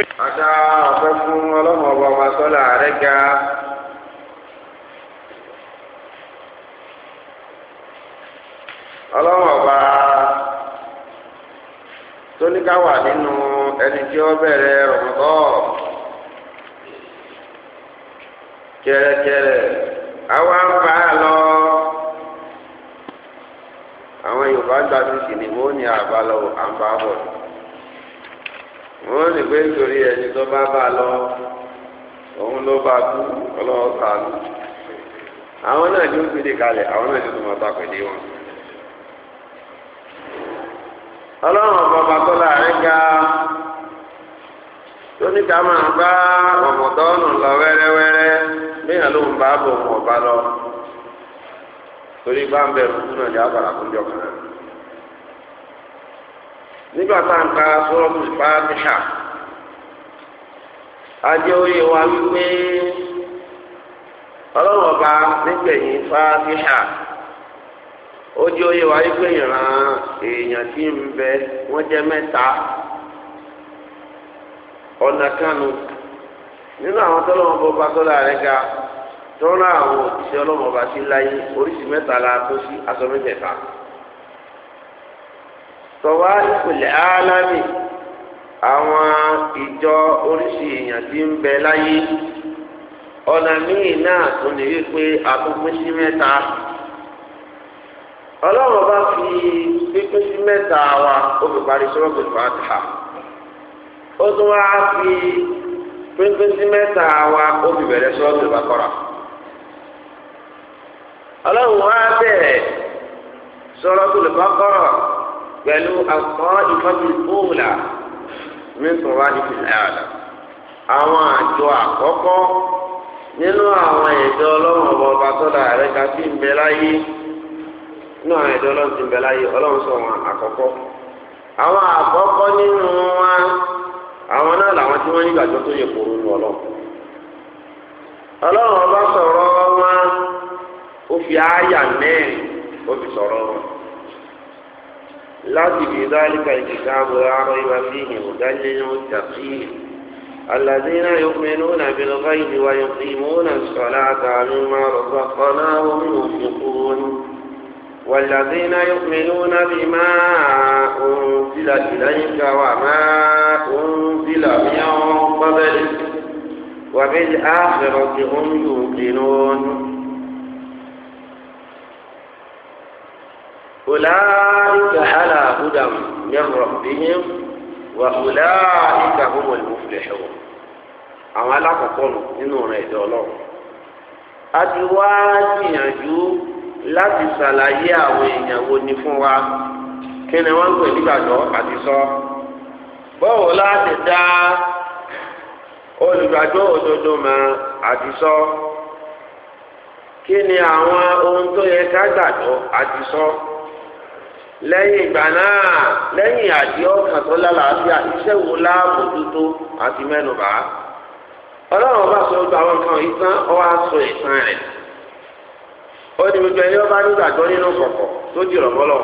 Adá ọ̀fẹ́ fún ọba ọba sọ́lá rẹ̀ ga. Ọlọ́mọ ọba tó wà nínú ẹni tí ó bẹ̀rẹ̀ rọ̀mọ́tọ́ kẹrẹkẹrẹ àwa ń bá a lọ àwọn Yorùbá ń gbàdúrà sí ni wọ́n ní àbá lọ wọ́n ní pé nítorí ẹni tó bá bá lọ òun ló bá kú ọlọ́wọ́ sàánú àwọn náà ló fi di kalẹ̀ àwọn náà ló tó máa wọn. ọlọ́run ọ̀bọ̀bà tó láàrin ga tó ní ká máa bá ọ̀mọ̀tọ́nù lọ wẹ́rẹ́wẹ́rẹ́ bíyàn ló ń bá bọ̀ ọ̀mọ̀ lọ torí bá ń nígbà tá à ń ka sọ́ọ́tù fàtíhà adé oyè wa wípé ọlọ́run ọba nígbẹ̀yìn fàtíhà ó jẹ́ oyè wa wípé ìran èèyàn tí ń bẹ wọ́n jẹ́ mẹ́ta ọ̀nà kanu nínú àwọn tọ́lọ́wọ́n bọ́ bá tọ́lá rẹ̀ ga tọ́lá àwọn òṣìṣẹ́ ọlọ́run ọba sí láyé oríṣi mẹ́ta la tó sí aṣọ mẹ́tẹ̀ẹ̀ta. Sọwa álámì àwọn ìjọ oríṣi èèyàn tí ń bẹ láyé ọ̀nà míì náà tún ní wípé àtúnpín sí mẹ́ta ọlọ́run bá fi pínpín sí mẹ́ta wa ó fi parí sọ́rọ́bù fàtà ó tún wá fi pínpín sí mẹ́ta wa ó fi bẹ̀rẹ̀ pẹ̀lú àkọ́ ìfọ́jú fóòlà mẹ́sàn-án wá àwọn àjọ àkọ́kọ́ nínú àwọn ẹ̀dọ́ ọlọ́run ọba ọba tọ́lá rẹ̀ ká sí ń bẹ láyé nínú àwọn ẹ̀dọ́ ọlọ́run ti ń bẹ láyé ọlọ́run sọ wọn àkọ́kọ́. àwọn àkọ́kọ́ nínú àwọn náà làwọn tí wọ́n tó yẹ kóró nù ọlọ́run. ọlọ́run لكن في ذلك الكتاب لا ريب فيه مدلل التقييم الذين يؤمنون بالغيب ويقيمون الصلاة مما رزقناهم ينفقون والذين يؤمنون بما أنزل إليك وما أنزل من قبلك وبالآخرة هم يوقنون أولئك على هدى من ربهم وأولئك هم المفلحون àwọn alákọ̀ọ́kọ́ nù nínú ọ̀rọ̀ ẹ̀dọ́ ọlọ́run a ti wá gbìyànjú láti ṣàlàyé àwọn èèyàn wo ni fún wa kí ni wọ́n ń pè nígbàgbọ́ àti sọ bọ́ọ̀wò láti dá olùgbàgbọ́ òdodo mọ́ àti sọ kí ni àwọn ohun tó yẹ ká gbàgbọ́ àti sọ. So. lẹ́yìn ìgbà náà lẹ́yìn àdí ọkàn tó lálàáfíà iṣẹ́ wo láàbòjútó àti mẹ́nubà ọlọ́run bá sọ gba àwọn nǹkan ìtàn ọwọ́ aṣọ ìtàn rẹ̀ ó ní gbogbo ẹni ọba nígbàgbọ́ nínú kọ̀kọ̀ tó jìrọ̀ bọ́lọ̀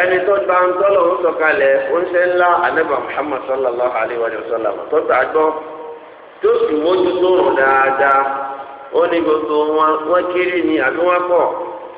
ẹni tó gba ń tọ́lọ̀ ń sọ̀kalẹ̀ ó ń ṣe ńlá anábà Muhammad sallallahu alayhi wa sallam tó tó sì mójútó rùn dáadáa ó ní gbogbo wọn kéré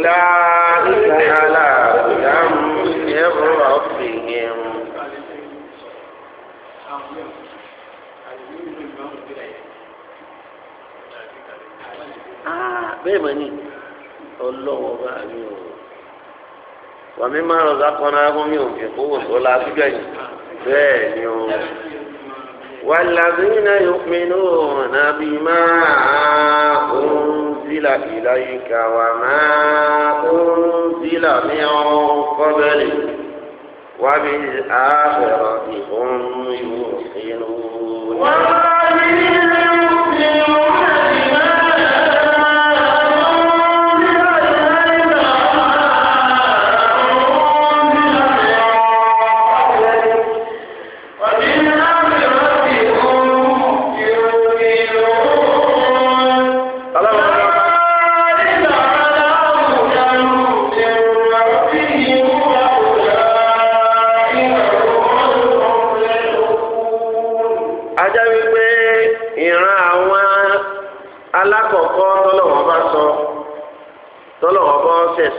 أولئك على هدى من ربهم ah, bẹ́ẹ̀ mọ̀ ní ọlọ́wọ́ bá mi ò wà mí máa rọ̀ sákọ́nà fún mi ò fi kówó tó la síbẹ̀ yìí bẹ́ẹ̀ ni o. wàlàbí náà yóò pinnu nàbí máa ń. أنزل إليك وما أنزل من قبلك وبالآخرة هم يوقنون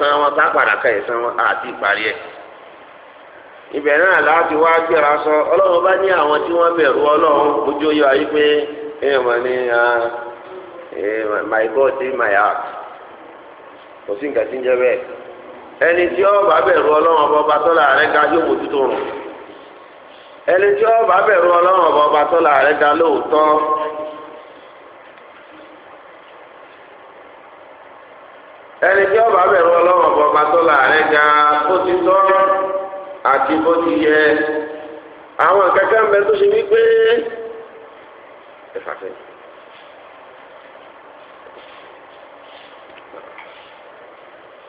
ẹ̀san wọn tá ka ẹ̀san wọn àti ìparí ẹ̀ ibẹ̀ náà láti wá gbéra sọ ọlọ́run bá ní àwọn tí wọ́n bẹ̀rù ọlọ́run ojú yọ ayé pé ẹ ni my God my heart kò sí nǹkan tí ń jẹ ẹni tí ọ bá bẹ̀rù ọlọ́run ọba ọba tọ́lá ga yóò rùn ẹni tí ọba tó láàrẹ ga bó ti tọ́ àti bó ti yẹ àwọn kẹ̀kẹ́ ń bẹ tó ṣe wípé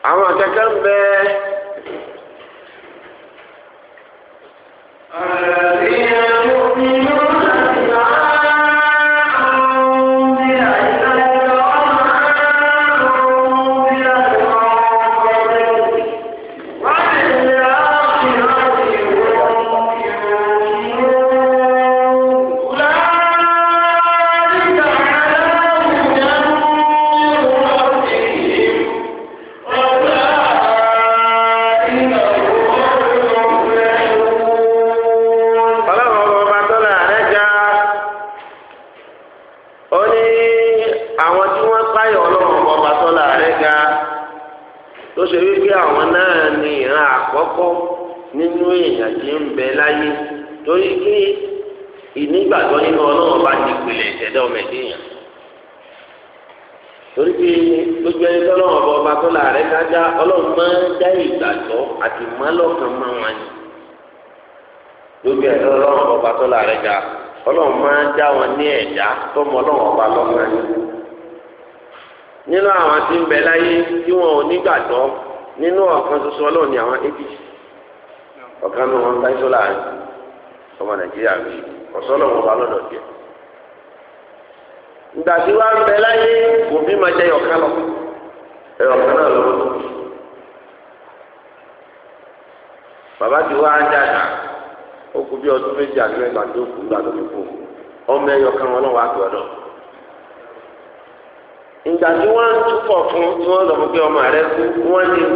àwọn kẹ̀kẹ́ ń bẹ. الذين يؤمنون ọlọ́run máa ń wọn ní ẹ̀dá tó mọ ọlọ́run ọba lọ́nà ni nínú àwọn tí ń bẹ láyé tí wọn ò nínú ọ̀kan ṣoṣo ọlọ́run ni àwọn ébì ọ̀kan ní wọn táyé sólà ọmọ nàìjíríà mi ọ̀sọ́ ọlọ́run ọba lọ́dọ̀ ìgbà ó kú bí ọdún méjì àgbẹ̀ ìgbà tó kú ìgbà tó kú ọmọ ẹyọ kan wọn náà wà gbọ́ náà. ìgbà tí wọ́n ń túbọ̀ fún tí lọ fún pé ọmọ rẹ kú ní jáde rẹ pé àwọn ń bí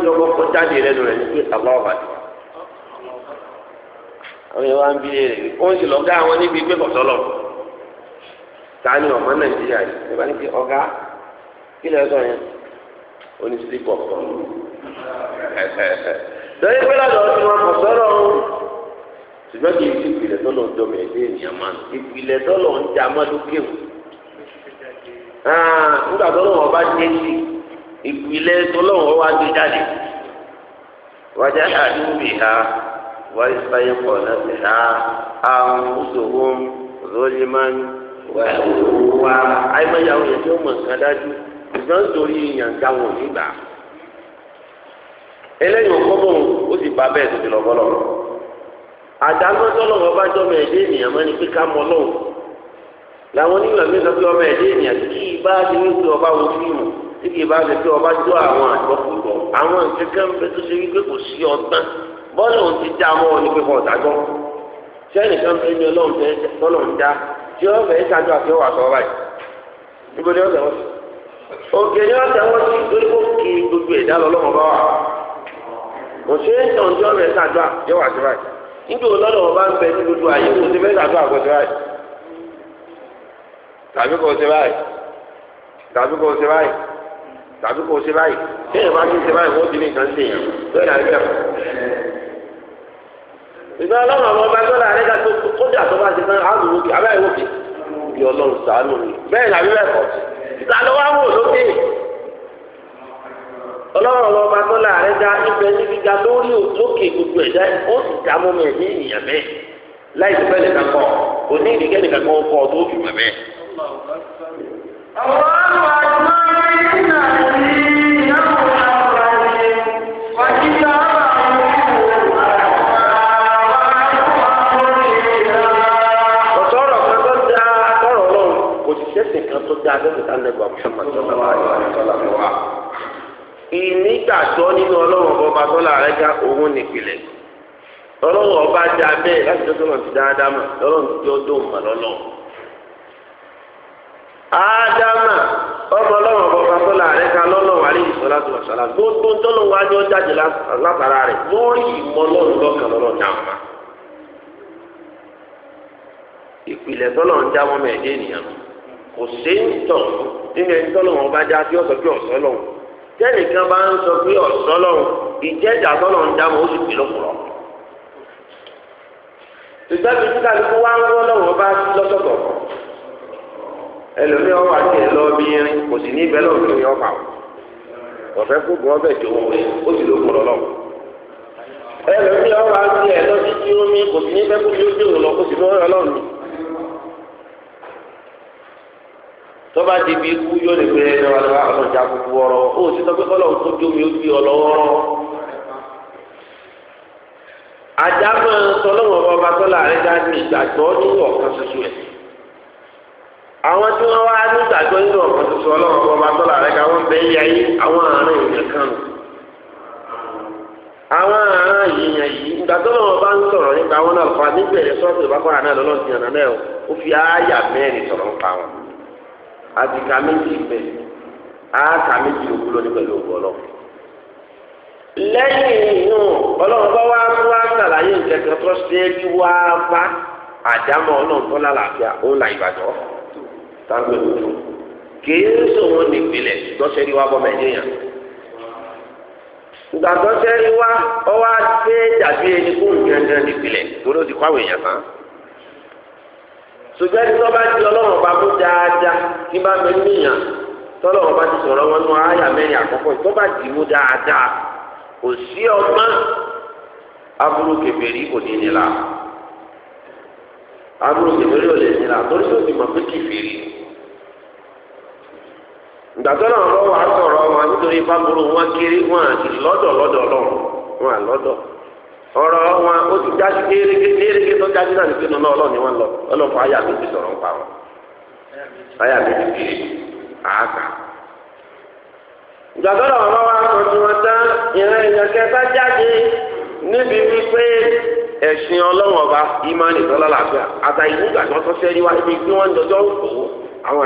ó ń sì àwọn níbi ọmọ nàìjíríà yìí ní ṣùgbọ́n kì í ti ìpìlẹ̀ tọ́lọ̀ ń dọ́mọ̀ ẹ̀dẹ́ ènìyàn máa nù ìpìlẹ̀ tọ́lọ̀ ń jẹ amọ́dúnkè wù. Ah, nígbà tọ́lọ̀ wọn bá dé sí ìpìlẹ̀ tọ́lọ̀ wọn wá gbé jáde wájà àdúgbò bì ha wáyé sáyé pọ̀ láti ha àwọn oṣooṣù rọ́límán wà àìmọ̀yàwó yẹn tí ó mọ̀ nǹkan dájú ṣùgbọ́n nítorí ìyànjá wọn nígbà eléyìí ò kọ́ bọ̀ ó sì bá bẹ́ẹ̀ tó ti lọ bọ́lọ̀ àdámọ́ tọ́lọ́wọ́ bá jọ́ ọmọ ẹ̀dẹ́ ènìyàn mọ́ ni pé ká mọ lọ́wọ́ làwọn onímọ̀ mi sọ pé ọmọ ẹ̀dẹ́ ènìyàn kí ibà ti ní pé ọba wo fíìmù tí kì í bá ti pé ọba jọ àwọn àjọpọ̀ àwọn nǹkan bẹ tó ṣe wípé kò sí ọgbọ́n bọ́ọ̀lù òun ti dá mọ́ ọ ní pípọ̀ ọ̀dájọ́ sẹ́nìkan bẹ ní ọlọ́run fẹ́ tọ́lọ́run dá tí ó fẹ́ ṣáájú àti ọwà sọ báyìí níbo ni ó tẹ̀wọ́ sí òkè ni ó tẹ̀wọ́ sí torí kó kí gbogbo ẹ̀dá lọ́lọ́run níbi ọlọ́dọ̀ wọn bá ń bẹ ní gbogbo àyè kò sí mẹ́ta tó àkọsí báyìí tàbí kò sí báyìí tàbí kò sí báyìí tàbí kò sí báyìí ṣé ìwà ti ṣe báyìí wọ́n ti ní nǹkan tó yàrá bẹ́ẹ̀ kọ́. ìgbà ọlọ́run àwọn ọba gbọ́dọ̀ àrẹ́gà tó kódà tó bá ti fẹ́ àrùn òkè abẹ́rẹ́ òkè bí ọlọ́run sàánù rẹ̀ bẹ́ẹ̀ ọlọ́run ọba tó láàrin dá ibẹ̀ ní gíga lórí òtókè gbogbo ẹ̀dá ó sì dá mọ́mọ́ ẹ̀mí ènìyàn bẹ́ẹ̀ láì tó fẹ́ nìkan kọ́ kò ní ìdíkẹ́ nìkan kọ́ kọ́ tó jù mọ́ bẹ́ẹ̀. àwọn àgbà tó máa ń rí náà ní ìyàwó àwọn àgbà wọn kan tó dáa lórí ìdánilẹ́gbà Muhammad sọ̀rọ̀ àwọn ìnígbàgbọ́ nínú ọlọ́run ọba tọ́lá rẹ̀ ga òun nìpìlẹ̀ ọlọ́run ọba dá bẹ́ẹ̀ láti tó sọ̀rọ̀ sí dáadáa mà lọ́rọ̀ tó mà ọmọ ọlọ́run ọba tọ́lá tó gbogbo tọ́lọ́ wa ni ó jáde látara rẹ̀ lórí ìmọ̀ lọ́kàn lọ́rọ̀ ìpìlẹ̀ tọ́lọ̀ ń já wọn mẹ́ẹ̀ẹ́dẹ́ tẹ́nìkan bá ń sọ pé ọ̀sọ́lọ́run ìjẹ́jà tọ́lọ́run dámọ̀ ó sì pè lọ́kùnrọ̀. ìgbàgbé tí kálukú wá ń wọ́n lọ́wọ́ bá lọ́sọ̀tọ̀ ẹlòmíì ọwọ́ àti ẹ̀ lọ́ọ́ bí irin kò sì ní ibẹ̀ lọ́wọ́ kí ni ọ̀pá ọ̀fẹ́ kúgbọ́n ọbẹ̀ tó wọ ó sì lókùnrọ̀ lọ́wọ́ ẹlòmíì ọwọ́ àti ẹ̀ lọ́ọ́ tọ́ba ti bí ikú yóò lè gbé ẹgbẹ́ wa lọ́wọ́ àwọn ọ̀rọ̀ ó sì sọ pé kọ́lọ̀ tó jó ó máa ọba tó láàrin dá ní ìgbàgbọ́ nínú ọ̀kan ṣoṣo ẹ̀ àwọn tí wọ́n wá ní ọba tó láàrin wọ́n bẹ́ẹ̀ yá yí àwọn àárín ìyẹn kan àwọn àárín ìyẹn yìí àtìkà méjì bẹ àáka méjì òkú lónìí pẹ̀lú òkú ọlọ́run. lẹ́yìn inú ọlọ́run wa sàlàyé tó ṣe é wá bá àdámọ́ ọlọ́run tó lálàáfíà ó là ìbàdàn táwọn tó kìí sòwò wa bọ́ mẹ́jẹ̀yàn gbàgbọ́sẹ̀rí wa ọwọ́ á dé dàbí ẹni fún ìgbìyànjú nìpìlẹ̀ ti kọ́ àwọn èèyàn tán. ṣùgbọ́n ẹni tó bá di ọlọ́run bá mú dáadáa kí bá mi níyàn tọ́lọ́run bá ti sọ̀rọ̀ wọn nú ayà mẹ́rin àkọ́kọ́ tó bá dì mú dáadáa kò sí ọgbọ́n aburú kèfèrí kò ní nílà aburú ò lè torí ó ti mọ̀ pé Ọrọ wọn o ti jáde kéréké kéréké tó jáde náà nípé nínú ọlọ́ọ̀ ni wọ́n lọ ọlọ́ọ̀fọ̀ ayé àbí ti sọ̀rọ̀ ń wọn ayé àbí ti fi àáka. ìgbàgbọ́dọ̀ wọn tán ìran èèyàn ọba ìmánì tọ́lá tí wọ́n tọ́ wá tí wọ́n àwọn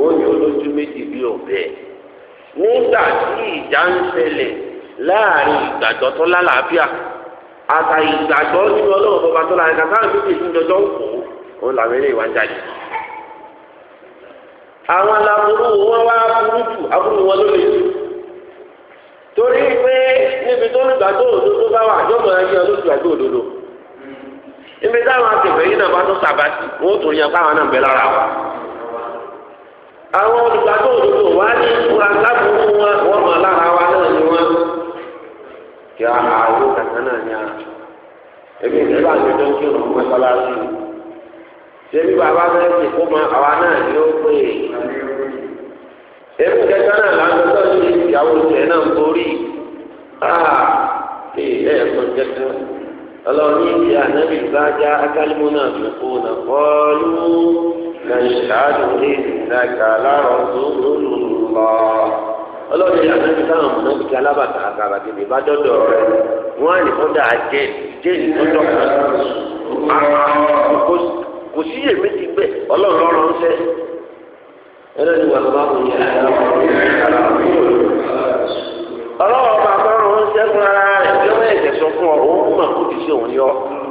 onye yóò lójú méjì bí ọ̀bẹ. nígbà tí ìjà ń ṣẹlẹ̀ láàrin ìgbàgbọ́ tó lálàáfíà àtà ìgbàgbọ́ nínú ọlọ́run bọba tó láàrin kàtà àti méjì tó jọjọ́ ń kó òun làwọn eré ìwà ń àwọn aláburú wọn wá burú jù aburú wọn ló lè jù torí pé níbi tó nígbàgbọ́ òdodo bá wà yọ̀mọ̀ ẹ̀yẹ òdodo wa. àwọn olùgbàgbọ́ òdodo wá ní ìfura lábúrú wọn wọ́n mọ̀ lára wa náà ni wọ́n. kí a àrùn kàkà náà ni a ebi ìdílé àti ìjọ kí òun mọ ẹgbẹ́ láti ṣe bí bàbá náà ti kó mọ àwa náà ni ó pè é ebi kẹta náà làwọn tó ti ìyàwó ìṣẹ̀ náà ń borí ẹ ànábì bá já náà نشهد إنك لرسول الله ọlọ́run yìí àti táwọn ọmọ náà gbígbé alábàtà àgàbàgì ní ìbádọ́dọ̀ rẹ wọn á ní kọ́dà jẹ jẹ́ẹ̀lì lọ́dọ̀ kan kò sí èméjì gbẹ ọlọ́run lọ́rọ̀ ń sẹ́ ẹlẹ́ni wà lọ́wọ́ àwọn yẹn ọlọ́run bàbá ọ̀rọ̀ ń sẹ́ ara rẹ̀ bí wọ́n ẹ̀jẹ̀ sọ fún ọ òun kúmà kó ti ṣe òun yọ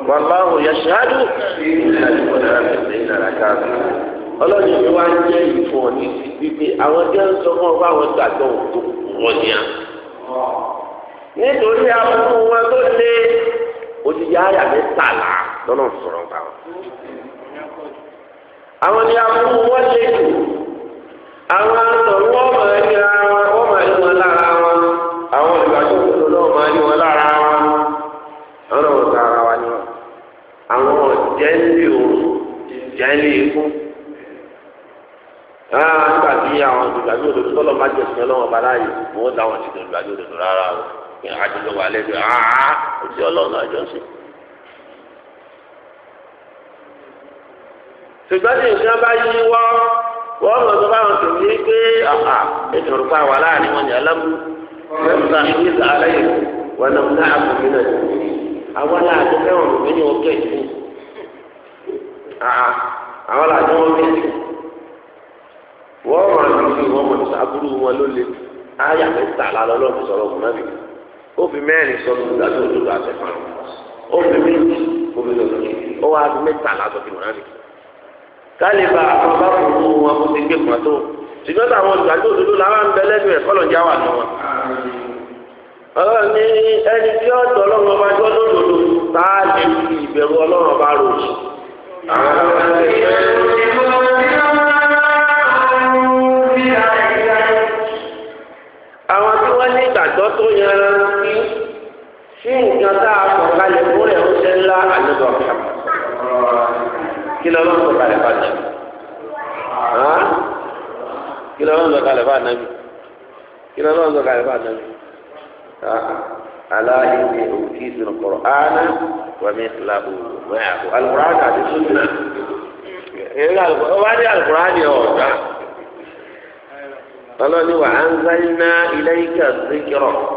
wallahu yashhadu ọlọ́run yìí wá ń jẹ́ ìfún ọ ní wípé àwọn jẹ́ ń sọ fún ọ bá àwọn gbàgbọ́ tó wọ́n ní à. nítorí àbúrò wọn tó lé òjijì àyà mẹ́tàlá lọ́nà sọ̀rọ̀ gbà wọn. àwọn ni àbúrò wọn lé jù àwọn àtọ̀rọ̀ wọn máa ń wọn wọ́n máa wọn lára wọn àwọn ìgbàgbọ́ òdodo náà máa ń yẹ wọn lára. jẹ́lí òru jẹ́lí ikú. nígbà tí àwọn olùgbàgbé òdodo tọ́lọ̀ bá jẹ sí ọlọ́wọ́ bá láàyè wọ́n dá wọn sí olùgbàgbé òdodo rárá o dị àjọyọ̀ wà lẹ́bi àá òsì ọlọ́run àjọṣe. ṣùgbọ́n bá yí wọ́n mọ̀ tó bá wọn pé àhà ètò òrùka wà láàrin wọn ní alámú mẹ́ta alẹ́ yìí wọn náà àwọn làjọ wọn bẹ́ẹ̀ wọ́n máa ń fi wọ́n mọ̀ nípa aburú wọn ló lé ayà mẹ́ta lálọ́ lọ́ọ̀bù sọ̀rọ̀ ọ̀hún náà bì ó fi mẹ́rin sọ̀rọ̀ ìdájọ́ òdodo àtẹ̀fọ́n ó fi méjì ó fi lọ́ọ̀bù ó wá fi mẹ́ta lálọ́ fi wọ́n náà kálíba àwọn bá kò wọn kó ti gbé kan tó ṣùgbọ́n táwọn olùdájọ́ òdodo làwọn ń bẹ lẹ́nu ẹ̀ kọ́lọ̀ ń já wà ní wọn. ọlọ́run ní ẹni tí ọ̀dọ́ ọlọ́run ọba jọ́ lódodo tá a lè fi ìbẹ̀rù ọlọ́run ọba rò àwọn tí wọ́n ní ìgbàgbọ́ tó yanra sí sí nǹkan tá a sọ kalẹ̀ fún rẹ̀ ó ṣe ńlá àlejò ọ̀gá kí lọ́wọ́ ń sọ kalẹ̀ bá jù kí lọ́wọ́ ń sọ kalẹ̀ bá nàbì kí lọ́wọ́ ń sọ kalẹ̀ bá nàbì. ألا إني أوتيت القرآن ومثله معه القرآن هذه سنة وهذا القرآن يوضع قال وأنزلنا إليك الذكر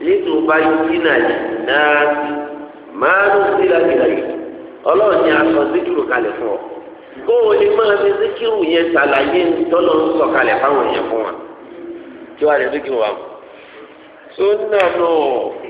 لتبين للناس ما نزل إليك Ọlọ́run ni aṣọ zikiru kalẹ̀ fún ọ máa fi zikiru yẹn ṣàlàyé tọ́lọ́ ń sọ fáwọn èèyàn fún wa wàá lè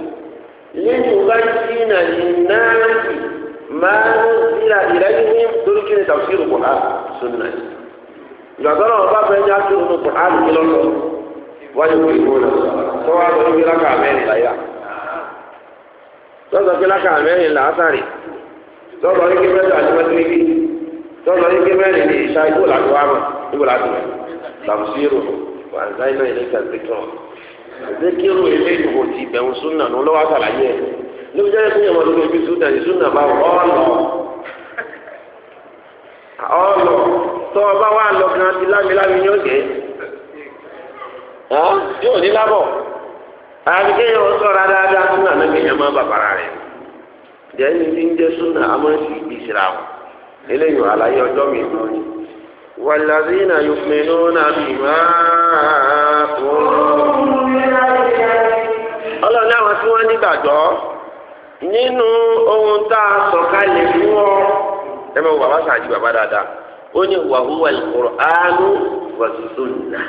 لتبين للناس ما نزل إليهم تركي تفسير القرآن سنة يقول الله بابا يجعل القرآن إلى الله ويقولون سواء تقول لك عمين لا tọ́sọ̀ pé lákàá mẹ́rin làásàrì tọ́sọ̀ yìí kí mẹ́ta àti mẹ́tìrìkì tọ́sọ̀ yìí kí mẹ́rin ní ìṣá ibò làtọ́ àmọ́ ibò làtọ́ làbùsírò wà ní zikiru eléyìí wò ti bẹ̀rù súnà ní olówó àtàlàyé ẹ̀ ló fi jẹ́ pé ìyàwó ló fi súnà ní súnà bá ọ̀lọ̀ ọ̀lọ̀ tó ọba wa lọ gan ti lámilámi ní òkè yóò ní lábọ̀ àti kéèyàn sọ̀rọ̀ dáadáa súnà náà kéèyàn máa bàbàrà rẹ̀ jẹ́ ní ti ń jẹ́ súnà amọ̀sí ìsirà eléyìí àlàyé ọjọ́ mi lọ ni wàlàdínà yóò pinnu náà bìbá tó ń ọlọ́run láwọn tí wọ́n nígbàgbọ́ nínú ohun tá a sọ̀kalẹ̀ fún ọ ẹ mọ̀ bàbá sàájú bàbá dáadáa ó ní wàhúwà ìkùránù wàsùsùnà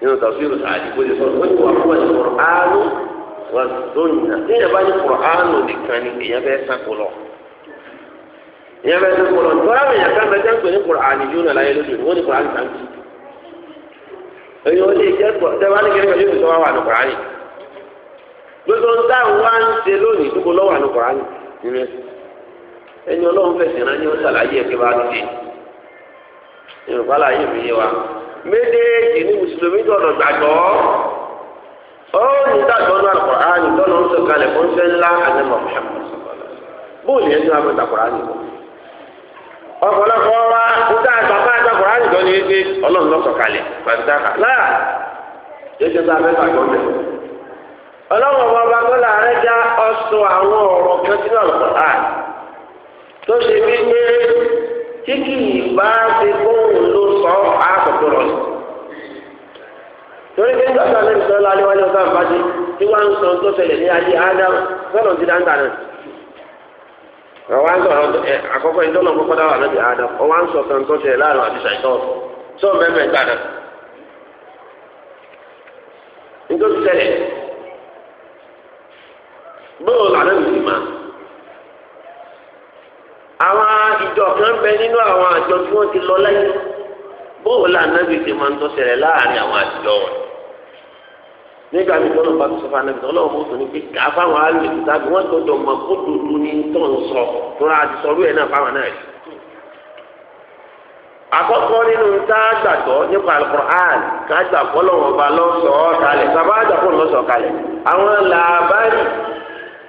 nínú tàfsírù sàájú kó lè sọ ó ní wàhúwà ìkùránù wàsùsùnà níyàn bá ní kùránù nìkan ni èèyàn bẹ́ẹ̀ sàkó lọ èèyàn bẹ́ẹ̀ sàkó lọ nítorí àwọn èèyàn kan bẹ́ẹ̀ sàkó ní kùránù yóò nà láyé lójú ni wọ́n ní kùránù sàkó èèyàn ó lè jẹ́ tẹ́wọ́n á ní kí gbogbo ń dá wa ń ṣe lónìí gbogbo lọ́wọ́ àná kọ̀ọ̀rán nínú ẹ̀sìn ẹni ọlọ́run fẹ̀sìn rán ní ó ṣàlàyé ẹ̀kẹ́ bá ti yorùbá láàyè mi yé wa méjèèjì ní mùsùlùmí ọrụ gbàgbọ́ ó ní gbàgbọ́ ní Al-Qur'ani tọ́nà ń fún fẹ́ ńlá wa ọlọ́run bàbá tó láàárẹ̀ já ọ̀sùn àwọn ọ̀rọ̀ kan sínú àlùkò à tó ṣe bí pé tí kì í bá ṣe fóun ló sọ àkókò sí. torí pé nígbà tó àlejò sọ lálẹ́ ọ̀sán àbájé tí wọ́n ń sọ tó ṣẹlẹ̀ ní ayé ádámù sọ́nà ti dáńtà bóò lànà mi sì máa àwọn ìjọ kan bẹ nínú àwọn àjọ tí wọn ti lọ lẹ́yìn bóò lànà mi sì máa ń tọ́ ṣẹlẹ̀ láàrin àwọn àjọ wọn nígbà mi tọ́lọ̀ bá sọ́fà náà tọ́lọ̀ lọ́wọ́ mọ́tò ní pé kà á fáwọn àlè tàbí wọ́n gbọ́dọ̀ mọ kó dòdò ní tọ́lọ̀ sọ tóra àti sọ́rú ẹ̀ náà fáwọn náà rí. àkọ́kọ́ nínú tá a gbàgbọ́ nípa alukur'an ká gbàgbọ́ lọ́wọ́ ọba lọ́sọ̀ọ́ kalẹ̀ bàbá àgbàgbọ́ lọ́sọ̀ọ́ kalẹ̀ àwọn làbárì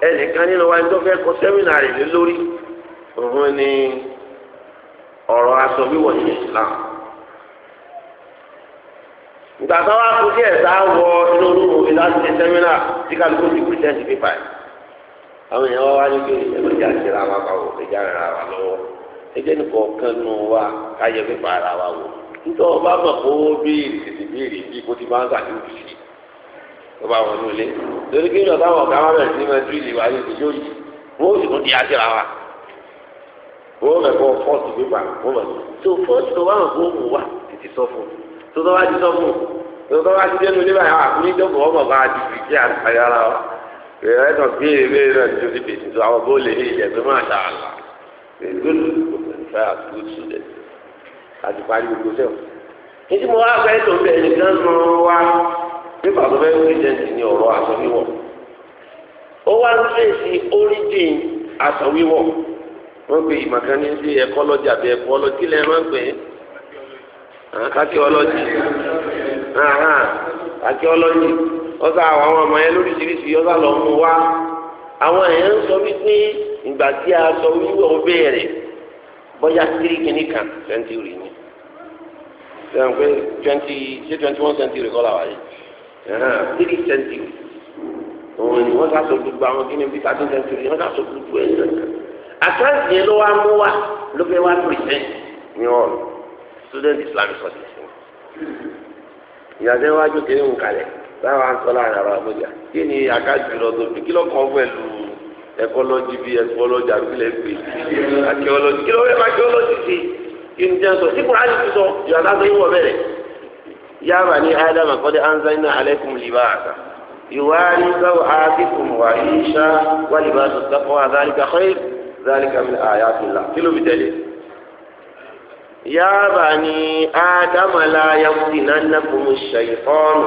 ẹnìkan nínú wa tó fẹ́ kọ sẹ́mínárì lé lórí òun ni ọ̀rọ̀ aṣọ ní Islam ìgbà tó wá kú díẹ̀ tá a wọ inú olúwo láti ṣe sẹ́mínà tí kálukú ti pírẹ́sẹ̀ntì pépà yìí àwọn èèyàn wá ní pé ẹgbẹ́jà ṣe ra wa wa lọ́wọ́ ẹgbẹ́ nìkan kan wa káyọ̀ ara wa wò nítorí mọ̀ kó bí bí tó bá wọn lólé torí kí lọ táwọn ọ̀gá wa bẹ̀rẹ̀ sí máa dúrìlì wa yóò yóò yìí wọ́n ó sì tún di aṣèrà wa wọ́n mẹ̀ fọ́ fọ́ọ̀tù pépà wọ́n mẹ̀ tó fọ́ọ̀tù tó bá wọn kó wù wá tètè sọ fún tó tọ́ wá ti sọ fún tó tọ́ wá ti dẹnu ní báyìí wà fún ìjọba ọmọ bá ti fi kí àyàrá wa ẹ̀rọ ẹ̀tàn bí èrè náà ti tóbi bèèrè tó àwọn bóòlù ní ilẹ̀ tó máa ṣà àlà pẹ̀lú ìfẹ́ àtúntò fẹ́ tó pépà tó fẹ́ pírẹ́sẹ̀ntì ní ọ̀rọ̀ aṣọ wíwọ̀ ó wá ń fèsì orídìn aṣọ wíwọ̀ wọ́n pe ìmọ̀kan ní sí ẹkọ́lọ́jì àbí ẹkọ́lọ́jì lẹ́ẹ̀ máa ń pè é akíọ́lọ́jì akíọ́lọ́jì ọ̀sà àwọn ọmọ yẹn lóríṣiríṣi ọ̀sà lọ́ mú wá àwọn èèyàn ń sọ wípé ìgbà tí aṣọ wíwọ̀ bẹ̀rẹ̀ bóyá three kìíní kan century ni twenty ṣé twenty one century kọ́ làwọn yìí three century òun ni wọ́n sàṣọ gbogbo àwọn kí ni bí thirteen century wọ́n sàṣọ gbogbo ẹ̀ nìkan àkáǹtì yẹn ló wá mú wa ló fẹ́ wá present ní wọn student islamic studies ìyàtọ̀ iwájú kiri ń kalẹ̀ báwa ń sọ láàrin àwọn àbújá kí ni àkáǹtì lọ tó fi kí ló kàn pẹ̀lú ecology bíi ecology àbílẹ̀ pé archaeology kí ló fẹ́ máa archaeology sí kí ni jẹ́ sọ sí kúrò àti sísọ ìyàtọ̀ ìwọ̀ bẹ̀rẹ̀ ya bani adam qad anzalna alaykum libasa yuwari sawatikum wa isha wa libasu taqwa dhalika khair dhalika min ayati llah kilo bidali ya bani adam la yaftinannakum ash-shaytan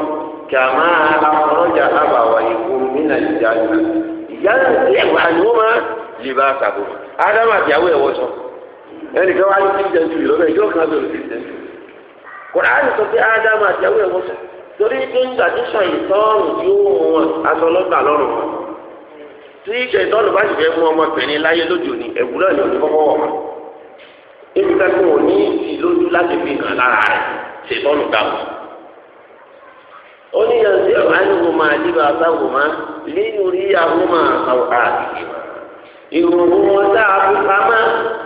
kama akhraja abawaykum min al-janna yanzi'u anhuma libasahuma adam àti àwọn ẹ̀wọ̀ sọ ẹnìkan wá ní kí jẹ́ ju ìlọ́bẹ̀ yóò kan lórí kí n jẹ́ ju. kùránì tó fi ádámù àti ẹwé ẹ̀wọ̀n sọ torí pé ń gbàdí sọ ìtọ́rùn yóò mú aṣọ lọ́gbà lọ́rùn wọn tí ìṣe bá sì fẹ́ mú ọmọbìnrin láyé lójú ni ẹ̀wúrọ̀ ni òní kọ́kọ́ wọ̀ ebi wọn ní lójú láti fi hàn lára rẹ̀ ṣe ó ní máa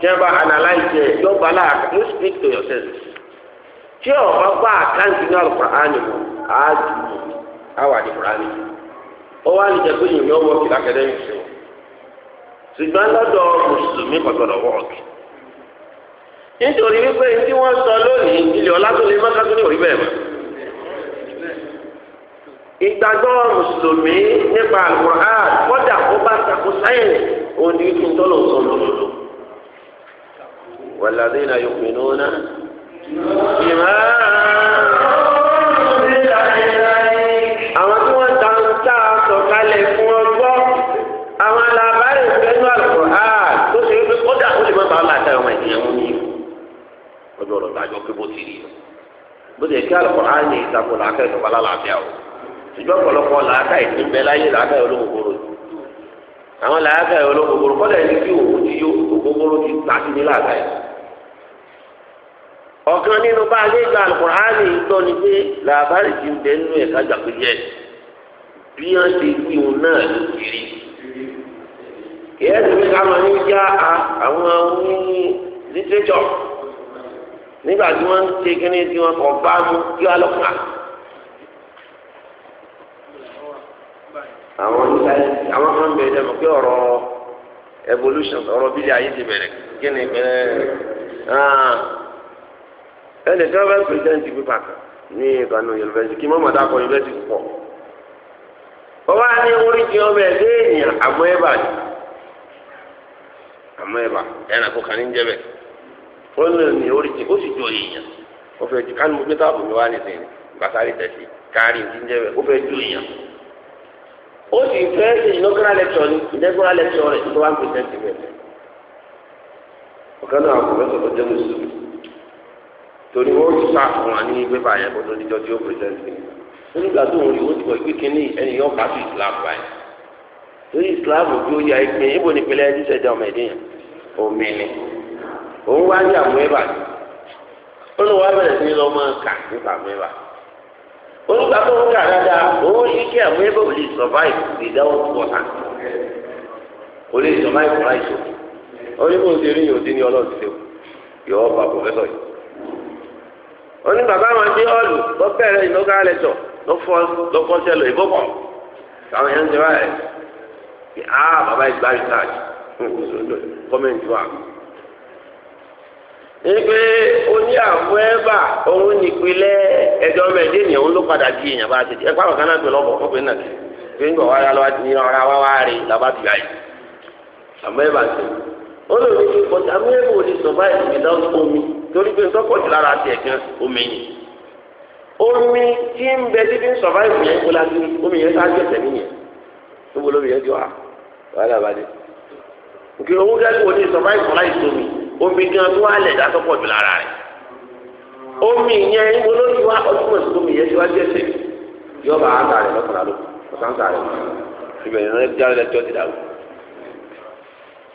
tí wọn analyze ẹ speak to yourself tí ọba bá àkáǹtì ní alukur'ani mu àádùn mu àwọn àdìkùránì ó wá ní jẹ́pé yìnyín ọwọ́ kìlá academic o ṣùgbọ́n lọ́dọ̀ mùsùlùmí gbọdọ̀ wọ́ọ̀kì nítorí wípé tí wọ́n sọ lónìí ilé ọlá tó lè mọ́ká tó ní òrí bẹ́ẹ̀ mọ́ ìgbàgbọ́ mùsùlùmí nípa àlùkùránì kọ́dà والذين يؤمنون بما àwọn tí wọ́n ta ń tà sọ̀kalẹ̀ fún ọgbọ́ àwọn alábàárẹ̀ ìfẹ́nu àlùkò á tó ṣe wípé kódà ó lè má bàa láta àwọn ènìyàn wọn o bó ti làákàyè tó bẹ láyé làákàyè olókòkòrò àwọn làákàyè olókòkòrò kọ́lẹ̀ ní kí òkú ti yó òkòkòrò ti tà sí ní làákàyè ọ̀kan nínú bá a lè gba alukur'ani gbọ́ ni pé làbárí ti ń bẹ nínú ẹ̀ka jàpéjẹ bí wọ́n ti wí òun náà ló kiri kìí ẹ̀sìn mi ká máa ń já àwọn ohun lítírẹ́jọ nígbà tí wọ́n ń ṣe kíní tí wọ́n kọ̀ bá mú kí wọ́n lọ kà. àwọn àwọn kan bẹ̀rẹ̀ dẹ̀ pé ọ̀rọ̀ evolution ọ̀rọ̀ bílẹ̀ ayé ti bẹ̀rẹ̀ kíni bẹ̀rẹ̀ ah ẹnìkan fẹ́ pírẹsẹ̀ntì pípa kan ní ìbànú yunifásitì kí mọ́mọ́dá kọ yunifásitì pọ̀ bọ́bá ní oríṣi ọmọ ẹ̀dẹ́ ènìyàn àmọ́ ẹ̀bà ni àmọ́ ẹ̀bà ẹ̀ràn kò kàn ní jẹ́ bẹ́ẹ̀ wọ́n lè ní oríṣi ó sì jọ èèyàn ó fẹ́ ju kánú gbé táàbù mi wá nísìnyí gbàtàrí tẹ̀sí kárí ní jẹ́ bẹ́ẹ̀ ó fẹ́ ju èèyàn ó sì fẹ́ ṣe inaugural lecture ní inaugural lecture rẹ̀ tó wá ń pèsè ti bẹ́ẹ̀ ọ̀kan náà torí wọn ti sá fún wa ní pépà yẹn kó tó níjọ tí ó pírẹsẹ̀ntì nígbà tó ń rí wọn ti wọ ìpín kínní ẹni yóò bá sí islam báyìí torí islam bí ó yà ìpín ibo ní pẹ̀lẹ́ ẹni sẹjọ ọmọ ẹdín yẹn omi ni òun wá ní àmú ẹbà ni olùwà bẹ̀rẹ̀ sí lọ máa kà nípa àmú ẹbà olùgbà tó ń kà dáadáa òun yí kí àmú ẹbà ò lè survive without water kò lè survive láìsọ onímọ̀ òsèré yìí ò dín ní ọlọ́ọ̀dúnrún yọ̀ọ́ bá pòfẹ́sọ̀ ó ní bàbá wọn dé ọ̀lù lọ bẹ̀rẹ̀ ìlọ́gà rẹ̀ jọ lọ́fọ́ lọ́fọ́sẹ̀ lọ ìbọ̀kọ̀ àwọn yẹn ń jẹ báyìí kí á ah, bàbá ìgbà rìsáàjì kọ́mẹ̀ntì wa. ní pé ó àwọn ẹ̀bà òun nìpínlẹ̀ ẹ̀jọ́ ni òun ló padà di èèyàn bá ti di àwọn kan náà gbé lọ́bọ̀ pé ní ọ̀rá wá wá rí làbá ti báyìí àmọ́ ẹ̀bà ti ó ní kí torí pé ntọ́kọ̀jù lára tiẹ̀ gan omi yìí omi tí ń bẹ títí ń sọ̀fáìfù yẹn kó láti omi yẹn sáájú ẹ̀sẹ̀ mi yẹn níbo lómi yẹn ti wà wàhálà bàdé nkè owó gẹ́gẹ́ wo ni sọ̀fáìfù láì sómi omi gan tó wà lẹ̀ dá tọ́kọ̀jù lára rẹ̀ omi yẹn níbo ló ti wá ọdún mọ̀ sí omi yẹn ti wá jẹ́ ẹ̀sẹ̀ yọba àgbà rẹ̀ lọ́kànlá ló ọ̀sán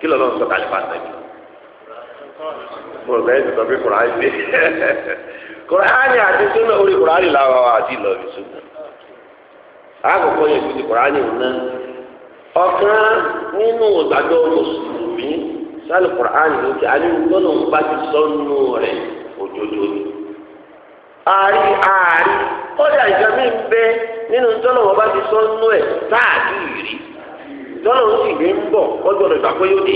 kí lọ́lọ́ sọ kalẹ̀ bá tẹ̀lé mo bẹ́ẹ̀ sọ pé kùránì dé kùránì àti súnà orí kùránì làwọn àwọn àti ìlọrin súnà àkọ́kọ́ yẹn fi ti kùránì ná ọ̀kan nínú ìgbàgbọ́ mùsùlùmí bá ti rẹ̀ òjòjòjò ó bẹ nínú wọn bá ti ẹ̀ lọ́nà ń sì gbé ń bọ̀ ọjọ́ rẹ̀ gbà yóò dé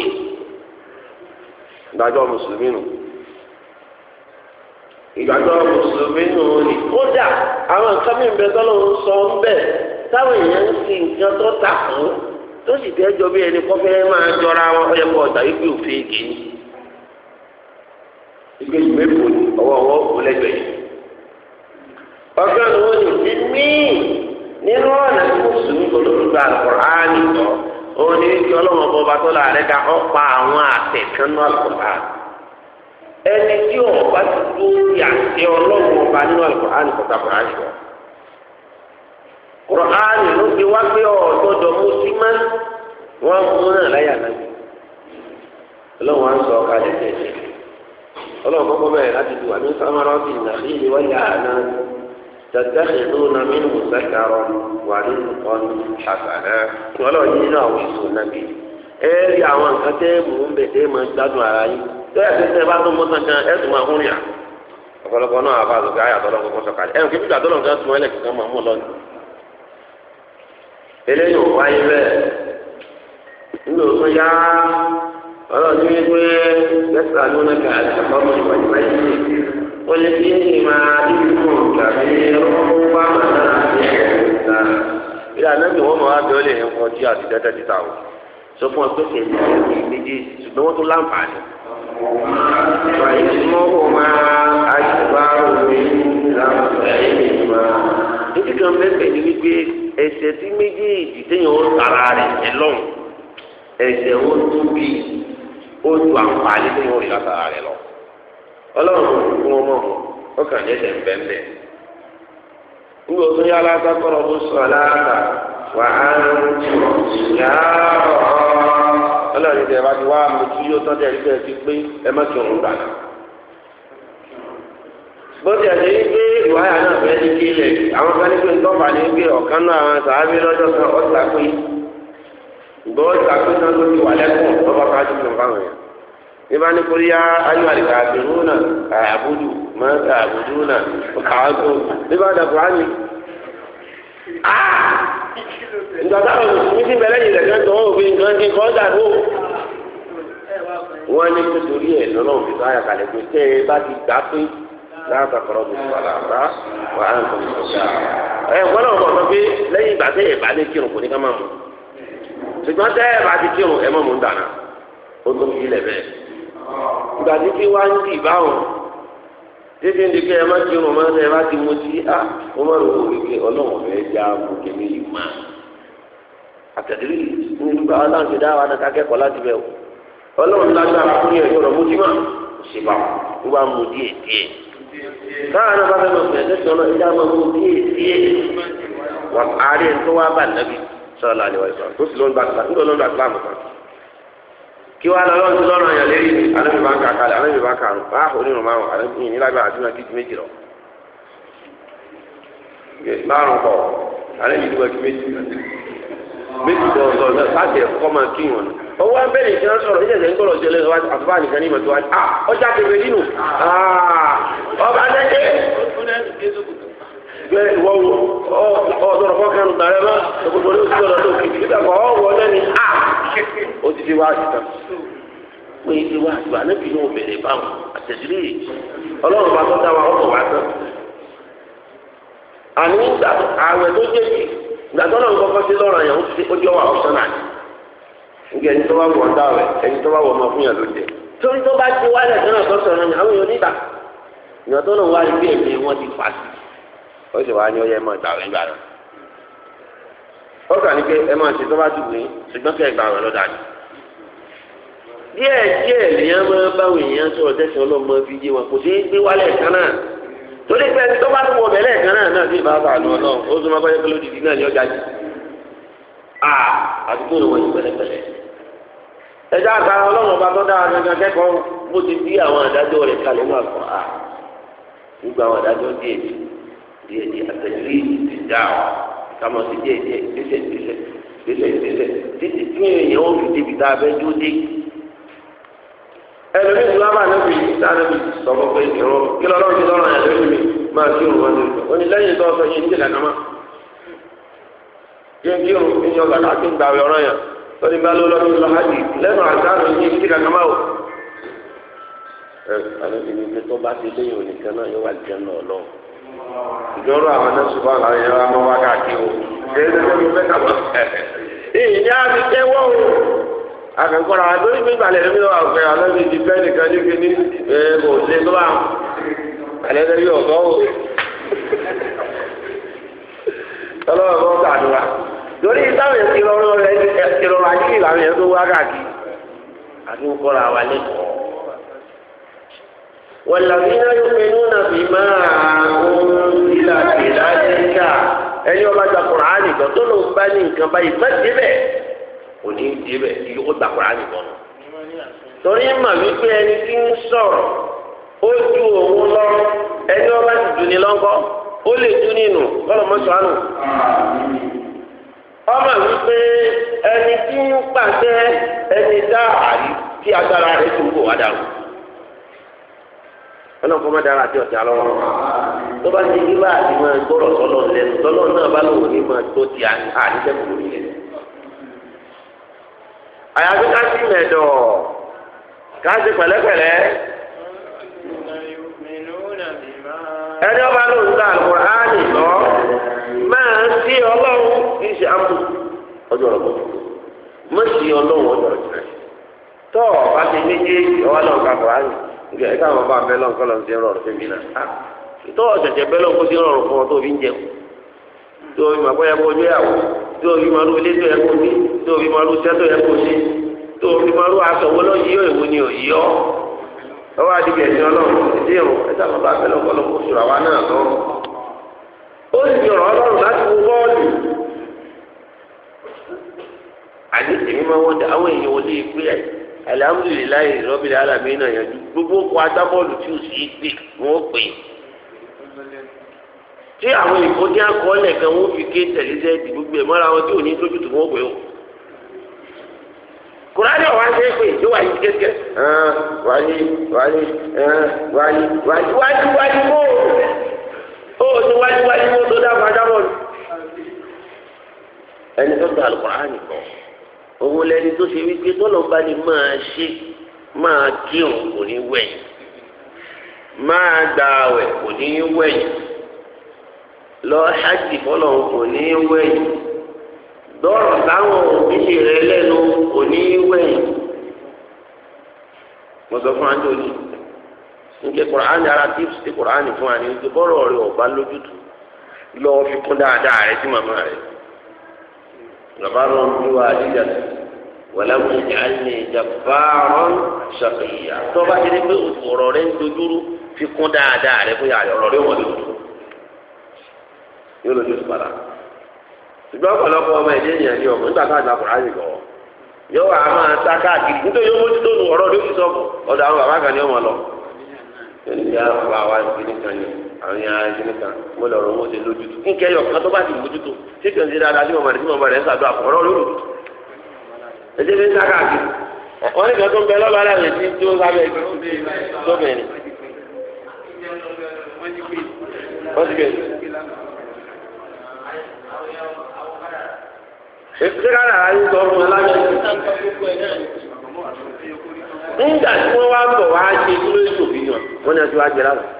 ìdájọ́ mùsùlùmí nù mùsùlùmí nù àwọn nǹkan bẹ sọ ń bẹ̀ táwọn èèyàn ń fi nǹkan tó tà fún tó sì tẹ́ jọ bí ẹni kọ́fẹ́ máa jọra wọn ọ̀yẹ́ kọ́ ọ̀tà yìí òfin nínú ọ̀nà tí mùsùlùmí olórúkọ àkùránì tọ̀ ó ní kí ọlọ́mọ bọba tó la rẹ̀ ká ọ́ pa àwọn àtẹ̀ kan náà àlùkùrá ẹni tí òun bá ti dúró ti ọlọ́mọ ọba nínú àlùkùránì kùránì tọ̀ kùránì ló wá pé ọ̀dọ́dọ̀ mú náà láyà náà ń sọ kọ́kọ́ bẹ̀rẹ̀ تتخذون منه سكرا ورزقا حسنا ọlọ́run yìí náà wọ́n sọ nàbì ẹ rí àwọn nǹkan tẹ́ mò ń bẹ̀ tẹ́ máa gbádùn ara yín tẹ́lẹ̀ tí tẹ́ bá tó mọ́ tán kan ẹ̀ tún máa húnrìn wáyé yá ìwà ìwà yìí olùdíyìnmá ìdúró tàbí ọgbà màdà àti ẹ̀ẹ́dá. ìlànà mi wọ́n máa bẹ ọlẹ́ ẹ̀kọ́ tí a ti dẹ́tẹ́ ti ta o sọ fún ọ pé kèmí ẹ̀yìn méjì ṣùgbọ́n wọ́n tún láǹfààní. ìmọ̀wò máa àjùbá òwe ìlànà níbi kan mẹ́fẹ̀ ni wípé ẹsẹ̀ tí méjèèjì téèyàn ó tara rẹ̀ ẹ̀ lọ́hùn ẹsẹ̀ ó tóbi ó ju àǹfààní téèyàn ó rí ọlọ́run kò kú wọn mọ̀ ó kàn jẹ́ jẹ̀mbẹ́ mbẹ́. Nígbà tó yá lásán kọ́ sọ aláàbà wà á ń tún ìyá ọlọ́run ìdẹ̀rẹ́ bá ti wá àmì tí yóò a dẹ̀ nígbà tí pé ẹ má tún òun gbà náà. bó ìwáyà náà fẹ́ ní kílẹ̀ àwọn ní pé ní ọ̀kan náà àwọn sàábí lọ́jọ́ kan ọ̀sà pé ìgbọ́ ọ̀sà pé náà ló ìbáni kò yá ayé àlìkà àbírú náà àbúdù máa ń ta àbúdù náà àwọtò ìbáda kùránì. ìgbà táwọn mùsùlùmí ti bẹ̀rẹ̀ yìí lẹ́gbẹ̀ẹ́ tó wọ́n fi nǹkan kí kọ́ dàgbò. wọ́n ní kó torí ẹ̀ lọ́nà òfin tó ayà kalẹ̀ pé tẹ́ ẹ bá ti gbà pé wàlà wà á ẹ wọ́n náà pé lẹ́yìn ìgbà tẹ́ bá kírun kò ní ká mú. ṣùgbọ́n tẹ́ ẹ bá ti kírun ẹ mọ̀ ìgbà tí kí wá ń di báwọn títí ní kí ẹ má ti rùn ah, máa ń ẹ bá ti mú sí pé ọlọ́run já yìí àtẹ̀lé ọlọ́run ti dá wa náà láti bẹ̀ wò ọlọ́run lágbára fún yẹn yọ̀rọ̀ mú sí bá wọn bá mú náà bá fẹ́ fẹ́ lẹ́sìn ọlọ́run máa mú kí wàá lọ lọ́dún lọ́rọ̀ yàn lérí alẹ́bí bá ń kà kalẹ̀ alẹ́bí bá ń kà rùn bá ah, onírun márùn alẹ́bí yìí nílágbára àti náà kíkì méjì lọ. márùn kọ alẹ́bí yìí wọ́n kí méjì méjì lọ lọ lọ láti ẹ̀kọ́ máa kí wọn. owó abẹ́rẹ́ ìṣẹ́ náà sọ̀rọ̀ ìṣẹ̀ṣẹ̀ ń gbọ́dọ̀ jẹlẹ̀ àtúbà nìkan ní ìmọ̀ tó wá ọjà ah, kẹfẹ́ nínú ah, ọba dẹ́kẹ́ gbẹ ìwọ wo ọ ó ti di wá àdìtàn pé ibi wá àdìtàn níbi ní obìnrin báwọn àtẹ̀sílẹ̀ yìí ọlọ́run bá tó dá wa ọkọ̀ wá tán. àní àwẹ̀ tó jẹ́ yìí gbàtọ́ náà kọ́kọ́ sí lọ́rọ̀ yẹn ó jọ wà ọ̀sán náà nígbà ẹni tó bá wọ̀ ọ́n dáwẹ̀ ẹni tó bá wọ̀ ọmọ fún yàn ló jẹ torí tó bá ti wálẹ̀ tó náà sọ̀tọ̀ àwọn èèyàn ó kà ní pé ẹ máa ṣe tó bá dùn yín ṣùgbọ́n kẹ́ ẹ gbà wọn lọ́dà yìí. díẹ̀ díẹ̀ lèèyàn máa báwọn èèyàn sọ̀rọ̀ tẹ̀sán ọlọ́mọ fi yé wọn kò sí gbé wálẹ̀ kan náà torí pé ẹni tó bá tó wọbẹ̀ lẹ́ẹ̀kan náà náà sí ìbáfà lọ náà ó tún máa bá yẹpẹ́ lódìdí náà ní ọjà jù à àdúgbò ni wọ́n yí pẹ̀lẹ́pẹ̀lẹ́ ẹja àgbà ọlọ́run ọba tó dára gangan kẹ́kọ̀ọ́ bó ti bí àwọn àdájọ́ rẹ̀ kalẹ̀ kàmọ́ sí díẹ̀ díẹ̀ díẹ̀ díẹ̀ díẹ̀ díẹ̀ títí tí èèyàn ó fi débi tá a fẹ́ dúró dé. ẹlòmíì tó lábàá níbi ìdánábi sọ̀rọ̀ pé ìrọ̀ kí lọ́rọ̀ kí lọ́rọ̀ yẹn lórí mi máa kí òun wọn lórí òní lẹ́yìn tó sọ yìí ń dìlà náà yẹn kí òun ní ọgbà láti ń gbàwé ọ̀rọ̀ yẹn lórí bá ló lọ́ọ́ lọ́ hajj lẹ́nu àtàrà yìí ń dìlà náà o. ẹ àlejò ní pé tó bá ti lẹ́yìn òní kan náà yóò wà jẹun náà lọ́wọ́. ìjọrọ àwọn náà ṣùgbọ́n àwọn ẹ̀yẹ wá káàkiri o kéré tó fi fẹ́ kàwọ́ ìyá mi kẹwọ́ o akẹ́kọ̀ọ́ àwọn àdóyún mi balẹ̀ mi lọ́wọ́ àgbẹ̀ alẹ́ ti fẹ́ nìkan ní kíní kò làwọn yẹn tó wá káàkiri àti والذين يؤمنون بما أنزل إليك ẹni ọba gba kùránì kan tó lóun bá ní nǹkan báyìí má débẹ̀ ní débẹ̀ torí mà wípé ẹni tí ń sọ̀rọ̀ ó ju òun lọ ẹni ọba ti dùn ní ó lè dún nínú ọmọ wípé ẹni tí ń pàṣẹ ẹni dá àrí agbára tó ń bò wá ọlọ́run kọ́ má dára àti ọ̀tí alọ́wọ́ tó bá ti ní bá àti máa gbọ́rọ̀ sọ́lọ́ lẹ́nu sọ́lọ́ náà bá lòun ní máa tó ti àníṣẹ́kù lórí lẹ́nu. àyàfi ká sí mẹ́dọ̀ ká ti ìgbà yìí káwọn bá bẹ́ẹ̀ lọ́nkọ́ lọ́n ti rọrùn fún mi náà ah, ìtọ́ ọ̀sẹ̀sẹ̀ bẹ́ẹ̀ lọ́nkọ́ ti rọrùn fún ọ tó fi ń jẹun tó fi máa bóyá kó yẹ̀wò tó fi máa lu ilé tó yẹ kó ní tó fi máa lu iṣẹ́ tó yẹ kó ṣe tó fi máa lu aṣọ wọn lọ yíyọ ìwọ ni ò yíyọ ọwọ́ adigun ẹ̀sìn ọlọ́run ìdí ìrùn ẹ̀sà bàbá bẹ́ẹ̀ lọ́nkọ́ lọ́nkọ́ sùrà wa náà lọ. àwọn èèyàn wọlé ìpínlẹ̀ alihamudulilayi rọbìlì alami náà yanjú gbogbo kó agbábọ́ọ̀lù tí o sì gbè wọ́n pè tí àwọn èkó ní akọọ́lẹ̀ kan wọ́n fi ké tẹ̀lẹ́sẹ̀ di gbogbo ẹ̀ mọ́ra wọn tí ò ní lójú tó wọ́n pè o. kùránì ọ̀wá ṣe é pé yóò wáyé kẹ́kẹ́ wáyé wáyé wáyé wáyé wáyé wáyé mọ́ o ó ní wáyé wáyé mọ́ tó dáa fún agbábọ́ọ̀lù ẹni tó gba alukùránì kan. òun lẹni tó ṣe wípé tọ́lọ́ba ni máa ṣe máa kírun kò ní wẹ̀yìn máa kò ní wẹ̀yìn lọ hajj fọlọ́ kò ní wẹ̀yìn dọ́rọ̀ táwọn òbí rẹ ni bọ́rọ̀ rẹ ọ̀bá lọ́ọ́ fi kún dáadáa rẹ جبار بوالدة ولم يجعلني جبارا شقيا tó bá ti rí pé ọ̀rọ̀ rẹ̀ ń dojúrú fi kún dáadáa rẹ̀ bóyá ọ̀rọ̀ rẹ̀ wọ́n dojúrú yóò lójú ìsúpadà ṣùgbọ́n ọ̀pọ̀lọpọ̀ ọmọ ẹ̀dẹ́ ènìyàn ní ọmọ nígbà káàdì àkùrá yìí kọ́ yóò wá máa ta káàkiri nítorí yóò mójú tó nu ọ̀rọ̀ lójú sọ́ọ̀bù ọ̀dọ̀ àwọn bàbá kan ní ọmọ àwọn yàrá ìdílé kan mo lọ rọ owó ṣe lójútó nkẹ yọ kan tó bá ti mójútó títí ọ̀sẹ̀ dáadáa ní ọmọdé tí mo bọ̀rẹ̀ ṣàdó àkọ́rọ́ lóru ẹjẹ fi ń sá káàkiri wọn ní kan tó ń bẹ lọ́ba rẹ̀ létí tí ó sábẹ́ tóbìnrin. wọ́n ti bẹ̀rẹ̀. èsì kára ayé sọ fún alábẹ́ nígbà tí wọ́n wá bọ̀ wá ṣe kúrò ìṣòfin náà wọ́n ní ọjọ́ ajẹ́ láwọn.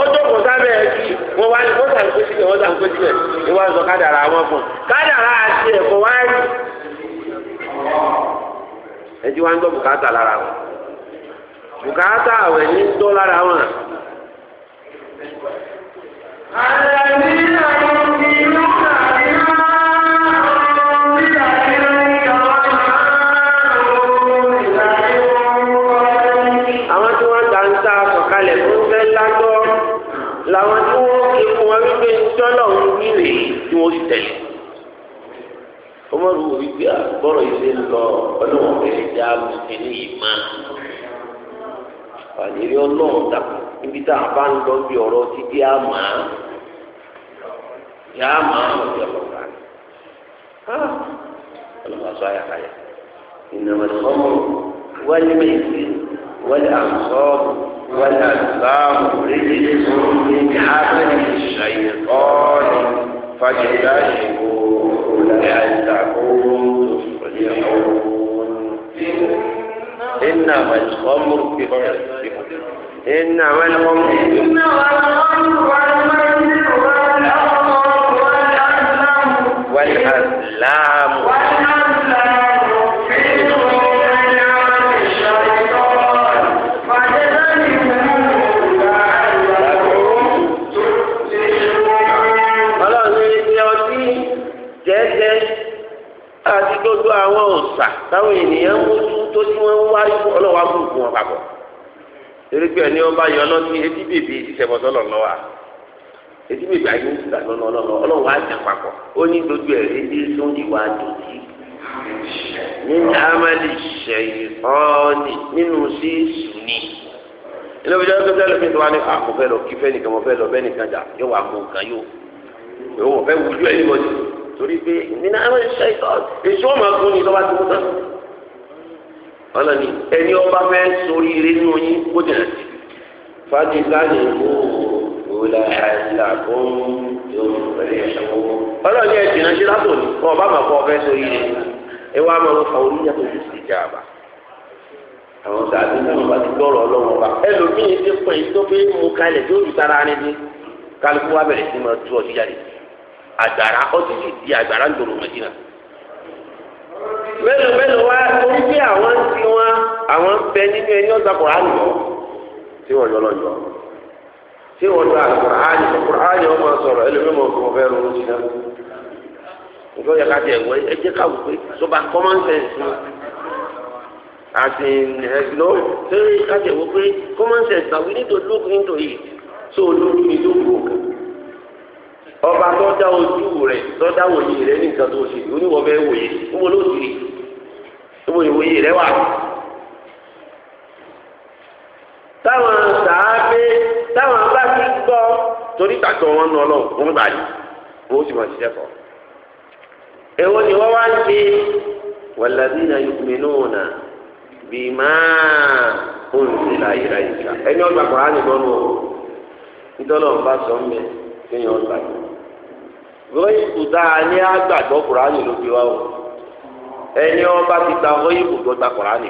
ọjọ́ kò sábẹ́ ẹ sí wọn wá ní wọ́n sàǹkó sílẹ̀ wọ́n sàǹkó sílẹ̀ ni wọ́n kádàrà wọn fún kádàrà àti ẹ̀kọ́ wá rí ẹjí wá ń gbọ́ bùkátà lára wọn bùkátà àwẹ̀ ní tó lára wọn. kalẹ̀ làwọn tí wọ́n ké fún wa wípé ńtọ́lọ̀ ń wí rèé tí wọ́n sì tẹ̀lé ọmọdé wò wípé àgbọ̀rọ̀ ah, yìí ṣe ń lọ ọlọ́wọ́n bẹ̀rẹ̀ já lùsí ní ìmọ̀ àlèrè ọlọ́run dàpọ̀ níbi tá a bá ń lọ bí ọ̀rọ̀ títí á máa yá máa ọ̀dẹ̀ ọ̀gá ah, ọlọ́wọ́ aṣọ àyàkáyà ìnáwó ọmọ wálé mẹ́sì wálé àǹsọ́ọ̀bù. والأسلام رجل من عمل الشيطان فاجتنبوه لعلكم تفلحون إنما الخمر إنما الخمر إنما الخمر والأزلام والأزلام àwọn òòṣà táwọn ènìyàn mójú tó tí wọ́n ń wárí ọlọ́wà burúkú wọn papọ̀ torí ẹni ọba yọ ọlọ́tí etí bèbè ìṣẹ̀bọ̀sọ́ lọ lọ́wọ́ etí bèbè ayé ń gbà lọ́nà ọlọ́wọ́ ọlọ́wọ́ àjà papọ̀ ó ní dojú ẹ̀ lédè tó ìwà àjòjì nínú amálì ṣẹ̀yìn ọ́ọ́nì nínú sí sùnì ilé ìjọba tó tẹ́lẹ̀ fi wá ní àkọ́fẹ́ ah, lọ kí nìkan mọ́ lọ torí pé nínú àwọn iṣẹ́ ìtọ́ èso ọmọ ọdún ni lọ́ba ti mú tán. ọ̀nà ni ẹni ọba fẹ́ sórí ire nínú yín kó jìnà sí. fati sani mú òòlà àìlà fún yòówù pẹ̀lú ẹ̀ṣọ́ owó. ọ̀nà ni ẹ̀jìnà sí látò ní ọba máa kọ́ fẹ́ sórí ire. ẹ wá máa ń fa oníyàtọ̀ ju sí ìjà àbá. àwọn sàbí náà bá ti gbọ́rọ̀ ọlọ́wọ́ bá. ẹlòmíì ti pẹ́ tó fi mú kalẹ̀ tó ju tara ni kálukú wa bẹ̀rẹ̀ sí máa tú Agbara ọtụtụ ti di àgbàrá ń dòrò mẹ́jìnà. mélòó mélòó torí pé àwọn ti wọn àwọn bẹ nínú ẹni ọ̀sán kùránì lọ tí wọ́n yọ lọ́jọ́ tí wọ́n lọ àkùránì kùránì ọmọ sọ̀rọ̀ kò fẹ́ ronú nǹkan ẹ jẹ́ ká wù pé we need to look into it so olórí mi ló ọba tó dá ojú rẹ tó dá wòye rẹ ní nǹkan tó ṣe oníwọ bẹ wòye owó ló ti rí owó ìwòye rẹ wà. táwọn sàábé táwọn bá ti gbọ́ torí tàgbọ́ wọn nù ọlọ́run wọn gbà yìí wọn ó sì máa ṣiṣẹ́ kọ́. èwo ni wọ́n wá ń ṣe walladhina yu'minuna bima unzila ilayka ẹni ọgbà kọ̀ọ̀rọ̀ á nìkan nù ọ́ nítorí ọ̀n bá sọ ń bẹ̀ kéèyàn gbọ́yìnbù tá a ní àgbàgbọ́ kùránì ló fi wá o ẹni ọba ti ta gbọ́yìnbù tó ta kùránì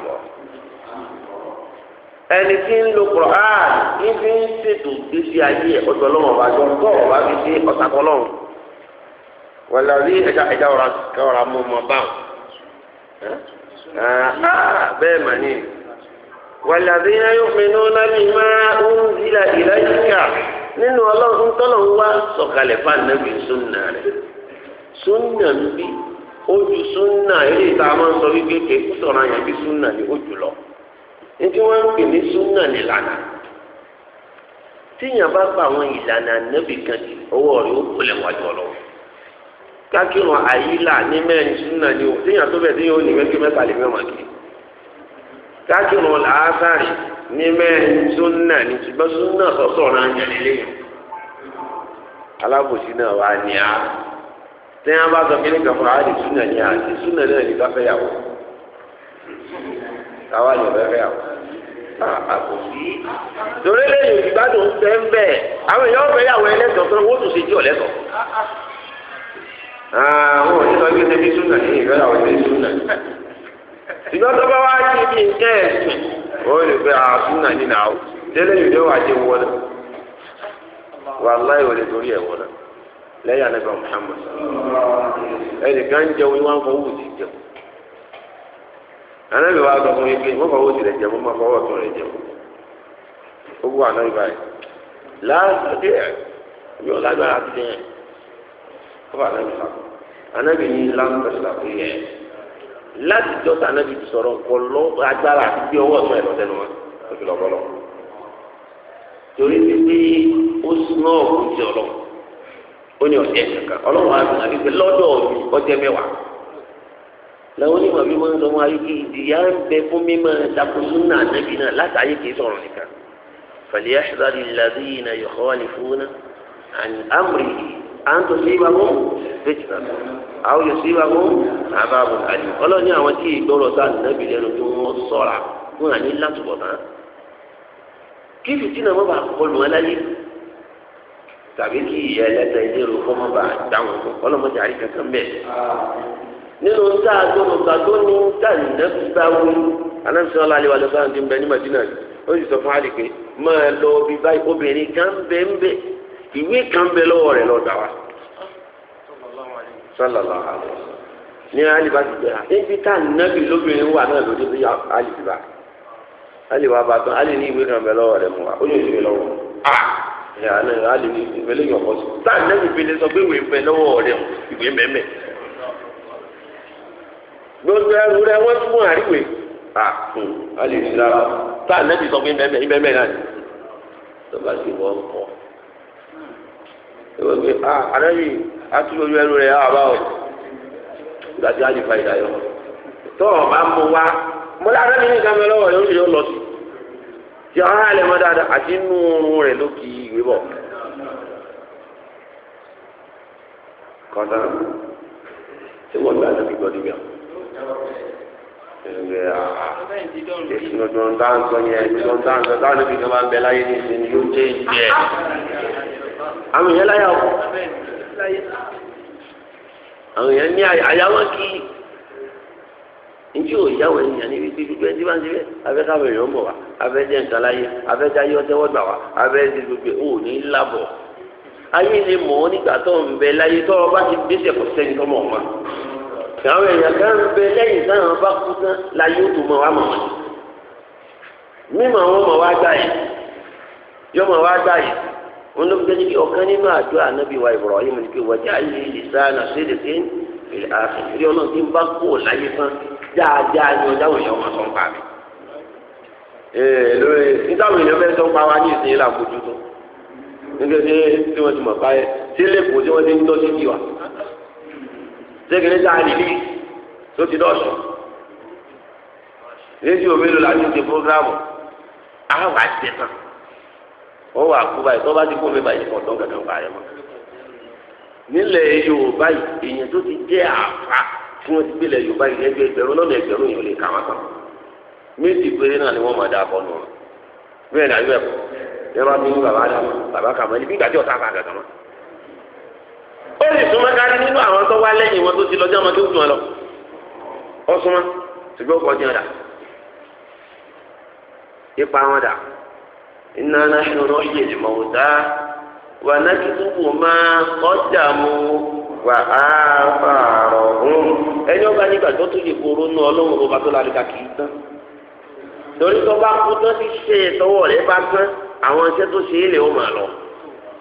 ẹni tí ń lo kùránì ń fi ń ṣètò gbèsè ayé ẹ̀ ọ̀dọ̀ ọba tó ọba fi ṣe ọ̀sàkọ́ lọ́wọ́ wàlá rí ẹja ẹja ọ̀rá kọ́ra mú ọmọ mà ní nínú ọlọ́run tọ́lọ̀ ń wá sọ̀kalẹ̀ fún ànábì súnà rẹ̀ súnà ń bí ojú súnà eré ìta máa ń sọ wípé bí súnà ní ojú lọ ní tí wọ́n ń pè ní súnà nílànà tíyàn bá pa àwọn ìlànà ànábì kan jù ọwọ́ rẹ̀ ó wájú kákìrún àyílà ní mẹ́rin súnà tíyàn tó kájùnú làásàrì ní mẹ́rin súnà ní ṣùgbọ́n súnà sọ̀sọ̀ náà ń yẹn lé alábòsí náà wà ní a tí wọn bá sọ kí ní kàfọ́ àdì súnà ní àti súnà náà ní káfẹ́ yàwó káwá ní yàwó àbòsí. torí lẹ́yìn ìgbádùn àwọn èèyàn ọ̀fẹ́ yàwó tó wọ́n tún ṣe jí àwọn òṣìṣẹ́ ṣùgbọ́n tó bá wá ṣe bí ẹ̀ ẹ̀sìn ó lè fẹ́ àásùn náà nínú wa sọ fún yín pé mo fọwọ́ sí rẹ̀ jẹun mo fọwọ́ tún rẹ̀ jẹun ó wù àná ìbáyìí láàbàdé ẹ̀ yóò lágbára ti dẹ́ ẹ̀ ó wà láti jọ sànàbí ti sọ̀rọ̀ nkọlọ agbára àti bí ọwọ́ ọ̀sán ẹ̀rọ tẹnu wọn tó fi lọ́kọ́ lọ. torí ti pé ó sún ọ̀hún ti ọlọ́ ó ní ọ̀jẹ̀ kankan ọlọ́run àti nàbí pé lọ́dọ̀ mi ọjẹ́ mẹ́wàá. làwọn onímọ̀ mi máa sọ wọn ayé ìdíyà ń bẹ fún mímọ́ ìdàkóso náà nàbí náà látàyè kì í sọ̀rọ̀ nìkan. فليحذر الذين يخالفون عن أمره أن تصيبهم fẹ́jìlá àwọn yòó sí ìwàgbọ́ àbá àbùkàdì ọlọ́ni àwọn tí ìgbọ́rọ̀ sáà nàbì lẹ́nu tó wọ́n sọ̀ra fún àní látùbọ̀ náà kí fìtínà mọ́ bá kọlù wọn láyé tàbí kí ìyá ẹlẹ́tẹ̀ ìlérò kọ́ mọ́ bá dáhùn ọlọ́mọdé àríkà kan bẹ́ẹ̀. nínú tá a gbọ́dọ̀ ká tó ní tá a nìyẹn fi bá wú aláǹsọ̀lá àlewà lọ́sọ̀ àti ń bẹ ní Madina ó sì sọ fún àlè pé máa lọ bí báyìí obìnrin kan bẹ́ẹ̀ ń bẹ kan bẹ lọ́wọ́ rẹ̀ lọ́dà wa sọlọlọ àlọ ní alibá ti gbé ha ebi tá nàbì lóbìnrin wà náà lóde bí alibá alibá bá tán alì ní ìwé kan bẹ lọ́wọ́ rẹ̀ mú wa ó yóò ṣe lọ́wọ́ a ẹ alẹ alì ní ìwé lẹ́yìn ọkọ sọ tá nàbì bẹlẹ sọ pé ìwé ń bẹ lọ́wọ́ rẹ̀ mú ìwé mẹmẹ gbogbo ẹrù rẹ̀ wọn tún àríwé a ah! hmm, alì ní ìlà tá nàbì sọ pé mẹmẹ ìmẹmẹ náà ni tó bá ti wọ́n kọ́ gbé a ah! aráyè atúlójú ẹnu rẹ̀ àbá o gbàtí àjù fàyídà yọ tó o bá mú wa mo lára mi ní ìdámẹ́ lọ́wọ́ yóò ṣe yóò lọ sí tí a hàn lè mọ dáadáa àti inú oorun rẹ̀ ló kì í ìwé bọ̀ kọ́ńtà ṣé wọ́n gbà láti gbọ́ níbí àwọn ìsinmi tó ń dáńsọ yẹn tó ń dáńsọ táwọn ibi kan máa ń bẹ láyé ní ìsinmi yóò jẹ ìjẹ àwọn ìyẹn láyà ọ láyé àwọn èèyàn ní àyà wọn kì í njẹ́ ò yá wọn èèyàn níbi tí gbogbo ẹni bá ń ṣe bẹ́ẹ̀ abẹ́ káwọn èèyàn bọ̀ wá abẹ́ jẹ́ nǹkan láyé abẹ́ jáyé ọtẹ́wọ́ gbà wá abẹ́ ti gbogbo ò ní lábọ̀ ayé lè mọ̀ ọ́ nígbà tó ń bẹ láyé tó ọba ti gbèsè kò sẹ́ni tó mọ̀ ọ́ mọ́ àwọn èèyàn kan ń bẹ lẹ́yìn táwọn bá kú tán láyé ó tó mọ̀ wá mọ̀ mímọ̀ wọn mọ̀ wá gbà yìí yọ mọ̀ wá gbà yìí wọn ló gbé níbi ọ̀kan nínú àjọ ànábì wa Ibrahim ní pé wọ́jà yìí lisana sídìkì ìlẹ̀ àṣírí ọlọ́run tí ń bá kó o láyé tán dáadáa ni ọjà òyìn ọmọ sọ ń pa mi. lórí nítawọn èèyàn fẹ́ sọ ń pa wa ní ìsinyìí làbójú tó nígbàdé tí wọ́n ti mọ̀ báyẹn sí lẹ́kọ̀ọ́ tí wọ́n ti ń tọ́ sí ti wà. sẹ́kẹ̀rẹ́ sáà nìbí tó ti dọ́sùn rédíò mélòó la ti ń ṣe prógráàmù àwọn àti ẹ̀ ó wà kú báyìí tó bá ti kú mi báyìí kò tó gàdán báyìí mọ. nílẹ̀ yorùbá yìí èèyàn tó ti jẹ́ àfa tí wọ́n ti gbélé yorùbá yìí ẹgbẹ́ ẹgbẹ̀rún lọ́nà ẹgbẹ̀rún yìí ó lè kà wọ́n tán. méjì péré náà ni wọ́n máa dáa bọ́ọ̀lù wọn. bẹ́ẹ̀ ni àyọ̀ ẹ̀kọ́ ẹ bá mi ní bàbá dà bàbá kà mọ́ níbi ìgbàjọ́ tá a bá gàdá mọ́. ó lè súnmọ́ kárí nínú àwọn tó wá lẹ́yìn wọn tó ti lọ́jọ́ wọn tó sùn lọ. ó súnmọ́ ṣùgbọ́n ó kọjá dà. ipa wọn dà. إنا نحن نحيي الموتى ونكتب ما قدموا وآثارهم ẹni ọba nígbà tó tún lè koro nù ọlọ́run ọba tó lálẹ́ kì í tán torí tó bá kú tán ti ṣe ìtọ́wọ́ rẹ̀ bá tán àwọn iṣẹ́ tó ṣe é lè ó máa lọ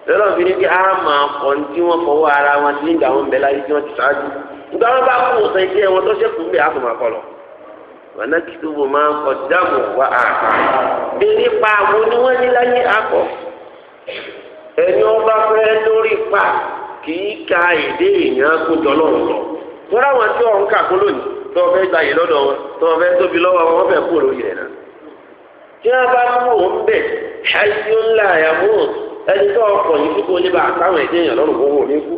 lọ́dọ̀ fi ni kí á máa kọ́ ní tí ara wọn sí wọn bẹ̀ láyé tí wọ́n ti ṣáájú nígbà wọn bá kú òsàn iṣẹ́ wọn tó á wọn akitubu máa ń kọjáàmù wá àgbà pa àwọn láyé akọ ẹni ọba lórí pa kì ka èdè èèyàn kójọ lọrùn lọ tọ́lá wọn tí wọn ń kà kó lónìí tí fẹ́ gba yìí lọ́dọ̀ wọn tí fẹ́ tóbi lọ́wọ́ wọn fẹ́ rẹ̀ náà tí bá mú òun bẹ̀ ṣáìsì ńlá ẹni tó ọkọ̀ yìí kó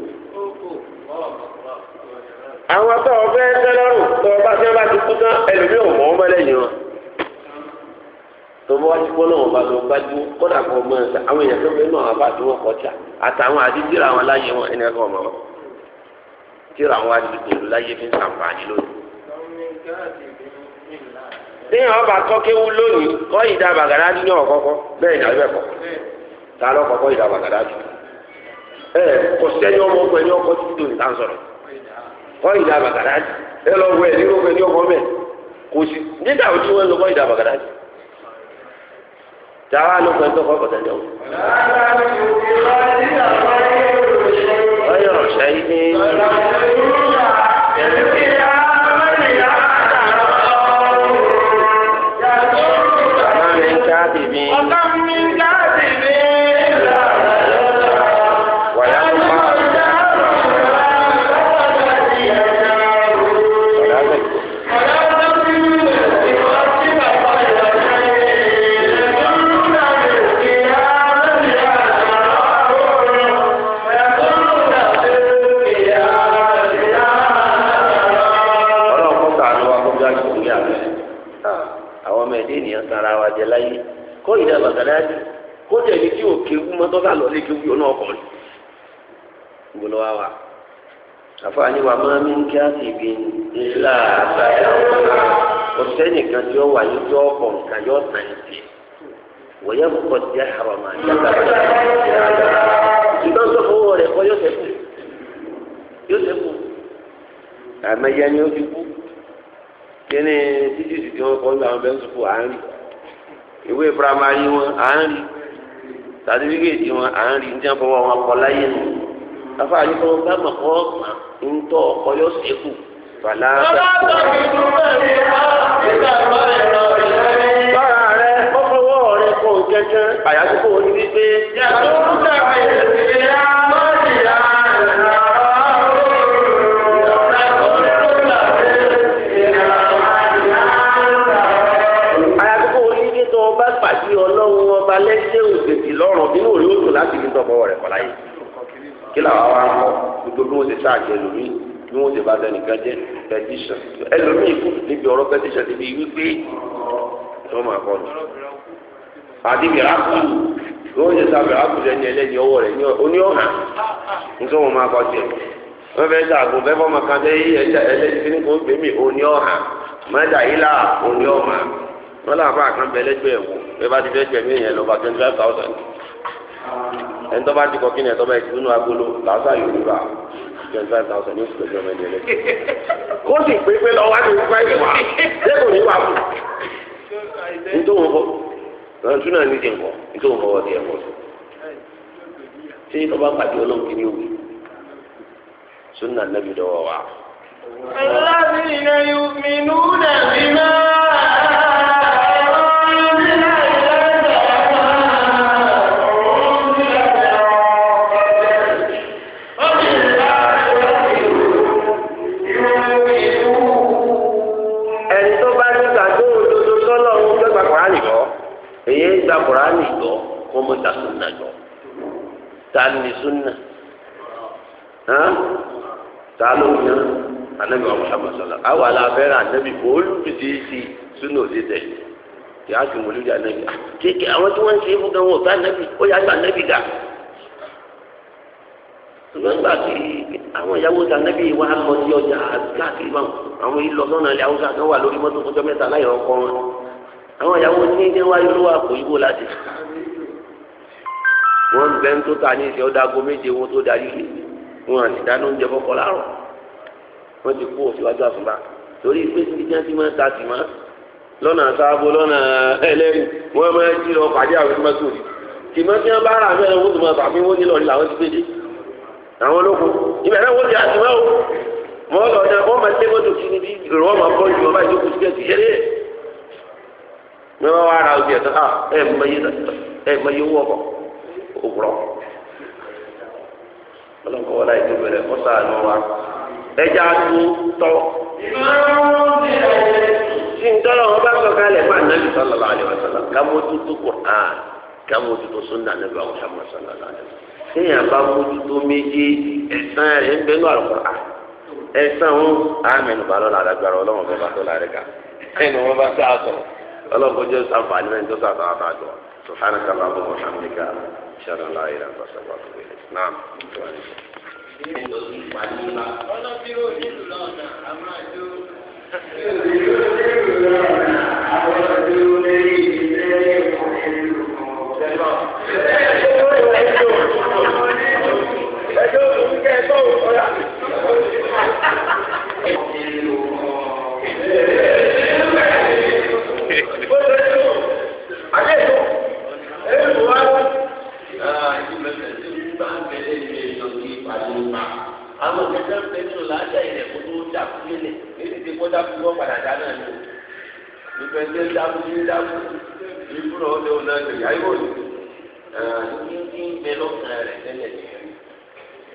àwọn tó ọbẹ̀ tẹ́lọ́rùn tó ọba tí wọ́n bá ti kú tán ẹlòmíì ò mọ̀ ọ́ mọ́lẹ́yìn wọn. tó bá wá sí bá gbájú kan mọ́ àwọn èèyàn tó fẹ́ náà bá wọ́n kọ́ àtàwọn àdídìrà láyé wọn ẹni ẹ̀kọ́ ọmọ wọn tíra àdídìrà láyé fi ń sàǹfààní lónìí. ọba lónìí kọ́ ní ọ̀kọ́kọ́ kọ́ ìdá bàgàdájì ẹ lọ wẹ ní ọgbẹ ní ọgbọ mẹ kò sí nígbà tí wọn lọ kọ́ ìdá bàgàdájì tàwa ló pẹ́ tó kọ́ bàtà jọ. ọyọ ọ̀sẹ̀ yìí ni. ọ̀gá mi ń dá. ọ̀gá yẹn kó tẹ̀ ní tí ò kéwu mọ́tò bá lọ náà ni. gbọ́dọ̀ wá wa àfààní wa máa mi ń kí á sì bí ilá àbáyá ọ̀gá ọ̀sẹ̀ nìkan tí ó wà yóò tó ọkọ̀ nǹkan yóò tàn ní tiẹ̀ wòye kò jẹ́ àrọ̀mà yàtọ̀ ṣùgbọ́n tó fowó rẹ̀ kọ́ yóò tẹ̀kù yóò tẹ̀kù ni ó ti kú kí ni títí kọ́ ń lọ àwọn bẹ́ẹ̀ ń kọ́. ìwé piramari wọn à ń rí sàtífíkèétì wọn à ń rí ní àfọwọ́ wọn kọ láyé nù afa àyè kọ́ bá kọ́ ń tọ́ ọkọ yóò ṣẹ́kù fàlà. bàbá àtọ̀kì tún bẹ̀rẹ̀ ní àfíìsà ìbára ẹ̀rọ ìlẹ́rìí. bára rẹ kọ́kọ́wọ́ rẹ kọ̀ kẹ́kẹ́ àyàtúkọ̀ òní wípé. yàtọ̀ ń tẹ̀ àyè láti ní tọ́fọwọ́ rẹ̀ kọ́láyé kí làwọn wá mọ̀ gbogbo bí wọ́n ti sáàjì ẹlòmíì bí wọ́n ti bá tẹnìkan jẹ́ pẹtíṣàn ẹlòmíì níbi ọ̀rọ̀ ti fi wípé tó máa kọ́ àti mìíràkù bí wọ́n ti lẹ́ni ẹlẹ́ni ọwọ́ rẹ̀ ní ọ̀hàn nítorí wọn máa kọ́ tiẹ̀ wọ́n fẹ́ sàgùn fẹ́ fọ́ máa ẹni tó bá ti kọ kí ni ẹ̀ tó bá ti nínú agolo làásà yòówù rà twenty five thousand yóò sì pèsè ọmọ ẹni ẹlẹ́sìn. kó sì pé pé lọ́wọ́ àti ìfúnpá yìí wà lẹ́kọ̀ọ́ ní wà fún. nítorí wọn kọ ọ̀nà tún náà ní ti ń kọ nítorí wọn kọ wọ́n ti ẹ̀ kọ́ sí. ṣé ọba pàdé ọlọ́run kí ni òwe sunna nabi dọwọ wa. الذين يؤمنون بما sunna ta ló ń yan anabi wa muhammad sallam awa la fẹ́ràn anabi kò olùbìdì sí sunna òde tẹ̀ ah, kí a sì mọ̀lúdi anabi kéèké àwọn tí wọ́n ń ṣe é fún gan wọn ò bá anabi ó yà gba anabi dà ṣùgbọ́n gbà tí àwọn ìyàwó ta nẹ́bí wa lọ sí ọjà káàkiri bá àwọn ìlọ sọ́nà ilẹ̀ haúsá kan wà lórí mọ́tò fọjọ́ mẹ́ta láyọ̀ ọkọ wọn àwọn ìyàwó ní ní wáyé olówó àpò ìbò láti wọn bẹ ń tó ta ní ìṣe ọdọ aago méje wọn tó darí lé wọn àti dáná oúnjẹ fọkọ láàárọ̀ wọn ti kú òsíwájú àfúnbá torí pé síbi tí wọn ta sì mọ lọ́nà sáàbò lọ́nà ẹlẹ́rìí wọn máa ń jí lọ pàdé àwọn tìmọtò tìmọ tí wọn bá rà mẹ́rin wọn tó máa bà mí wọn nílò ní làwọn ti gbé dé àwọn olóko ibẹ̀ náà ti àtìmọ o mọ ọ lọ́nà máa tẹ mọ́tò kí ni bí wọn máa bọ ìjọba ìjọba ìjókòó sí kẹsì yẹlẹ mẹwàá wà rà òbí ẹ òwúrọ̀ ọlọ́nkọ́ wọlé ètò bẹ̀rẹ̀ mọ́sá wa ẹja tó tọ́. tí wọn bá sọ kálẹ̀ fún anabi sallallahu alaihi wasallam kámójútó Qur'an kámójútó sunna anabi wa Muhammad sallallahu alaihi wasallam. téèyàn bá mójútó méjèèjì ẹ̀sán ń bẹ́nu ẹ̀sán àmẹ́nu bá tó wọn bá àtọ̀ سبحانك اللهم وبحمدك اشهد ان لا اله الا انت استغفرك اليك نعم Thank you. bá a bẹ lẹ́nu èèyàn kí ìpàdé pa àwọn kẹkẹ ń bẹ nínú lájà ilẹ̀ kó tó dàkú lélẹ̀ èyí ti kó dàkú wọ́n padà dá náà ni ìfẹ́ ṣe ń dàkú ṣe ń dàkú ìfúnra ọ̀nà ní bẹ lọ́kàn rẹ̀ tẹ́lẹ̀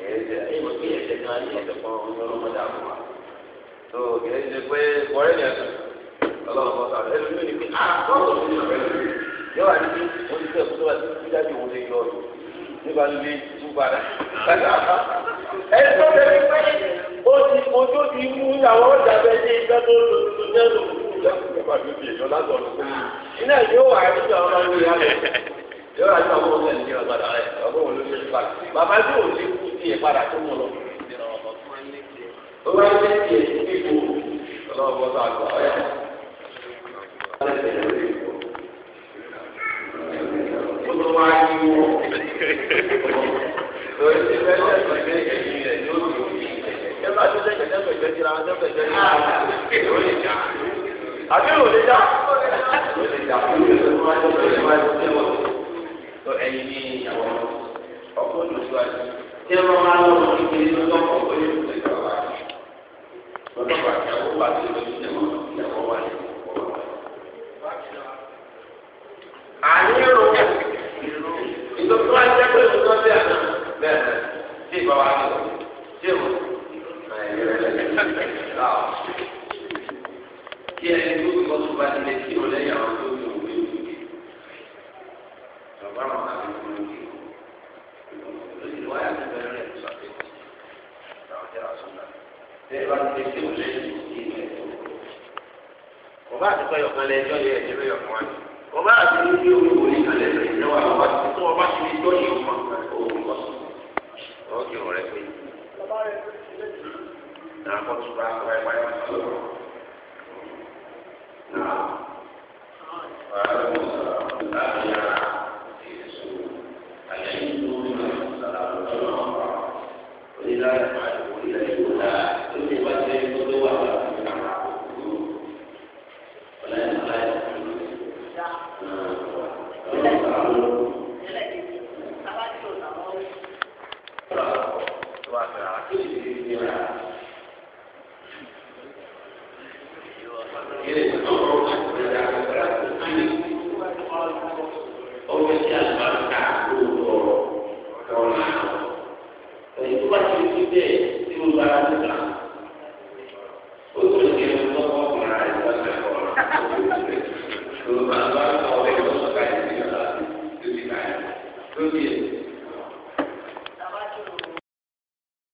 ẹ̀yìn kí ẹ̀ṣẹ̀ kan ẹ̀ṣẹ̀ kan àbúrò tó nígbà lè túbàdà. ẹ̀sọ́ tẹ̀lé pé ó ti ojú ti mú àwọn ọjà bẹ́ẹ̀ ní ìgbà tó lò tó jẹ́ lò nígbà tó ti èèyàn látọ̀ lọ pé iná yóò wà nínú àwọn ọmọ ìyá rẹ̀ yóò wà ọgbọ́n wọn ló ṣe pa bàbá yóò lè kú padà tó mọ̀ lọ. ó bá ń lé tiẹ̀ sí ipò ọlọ́wọ́ bọ́ sọ àgbà ọ̀yà ó ló ń lọ ciao. Chiede tutto su Valentino, lei ha avuto un minuto. Proviamo a capire un minuto. Quindi lo è anche per lei, lo sapete. Davanti alla sonda. Per Valentino lei è un minuto. Provate poi con le gioie e le gioie. Provate un minuto lì con le gioie. No, ma tu lo facci di gioie o un po' di cose. Occhio, vorrei qui. na akɔtura akɔra ɛfɛ ayɛ ɔtɔ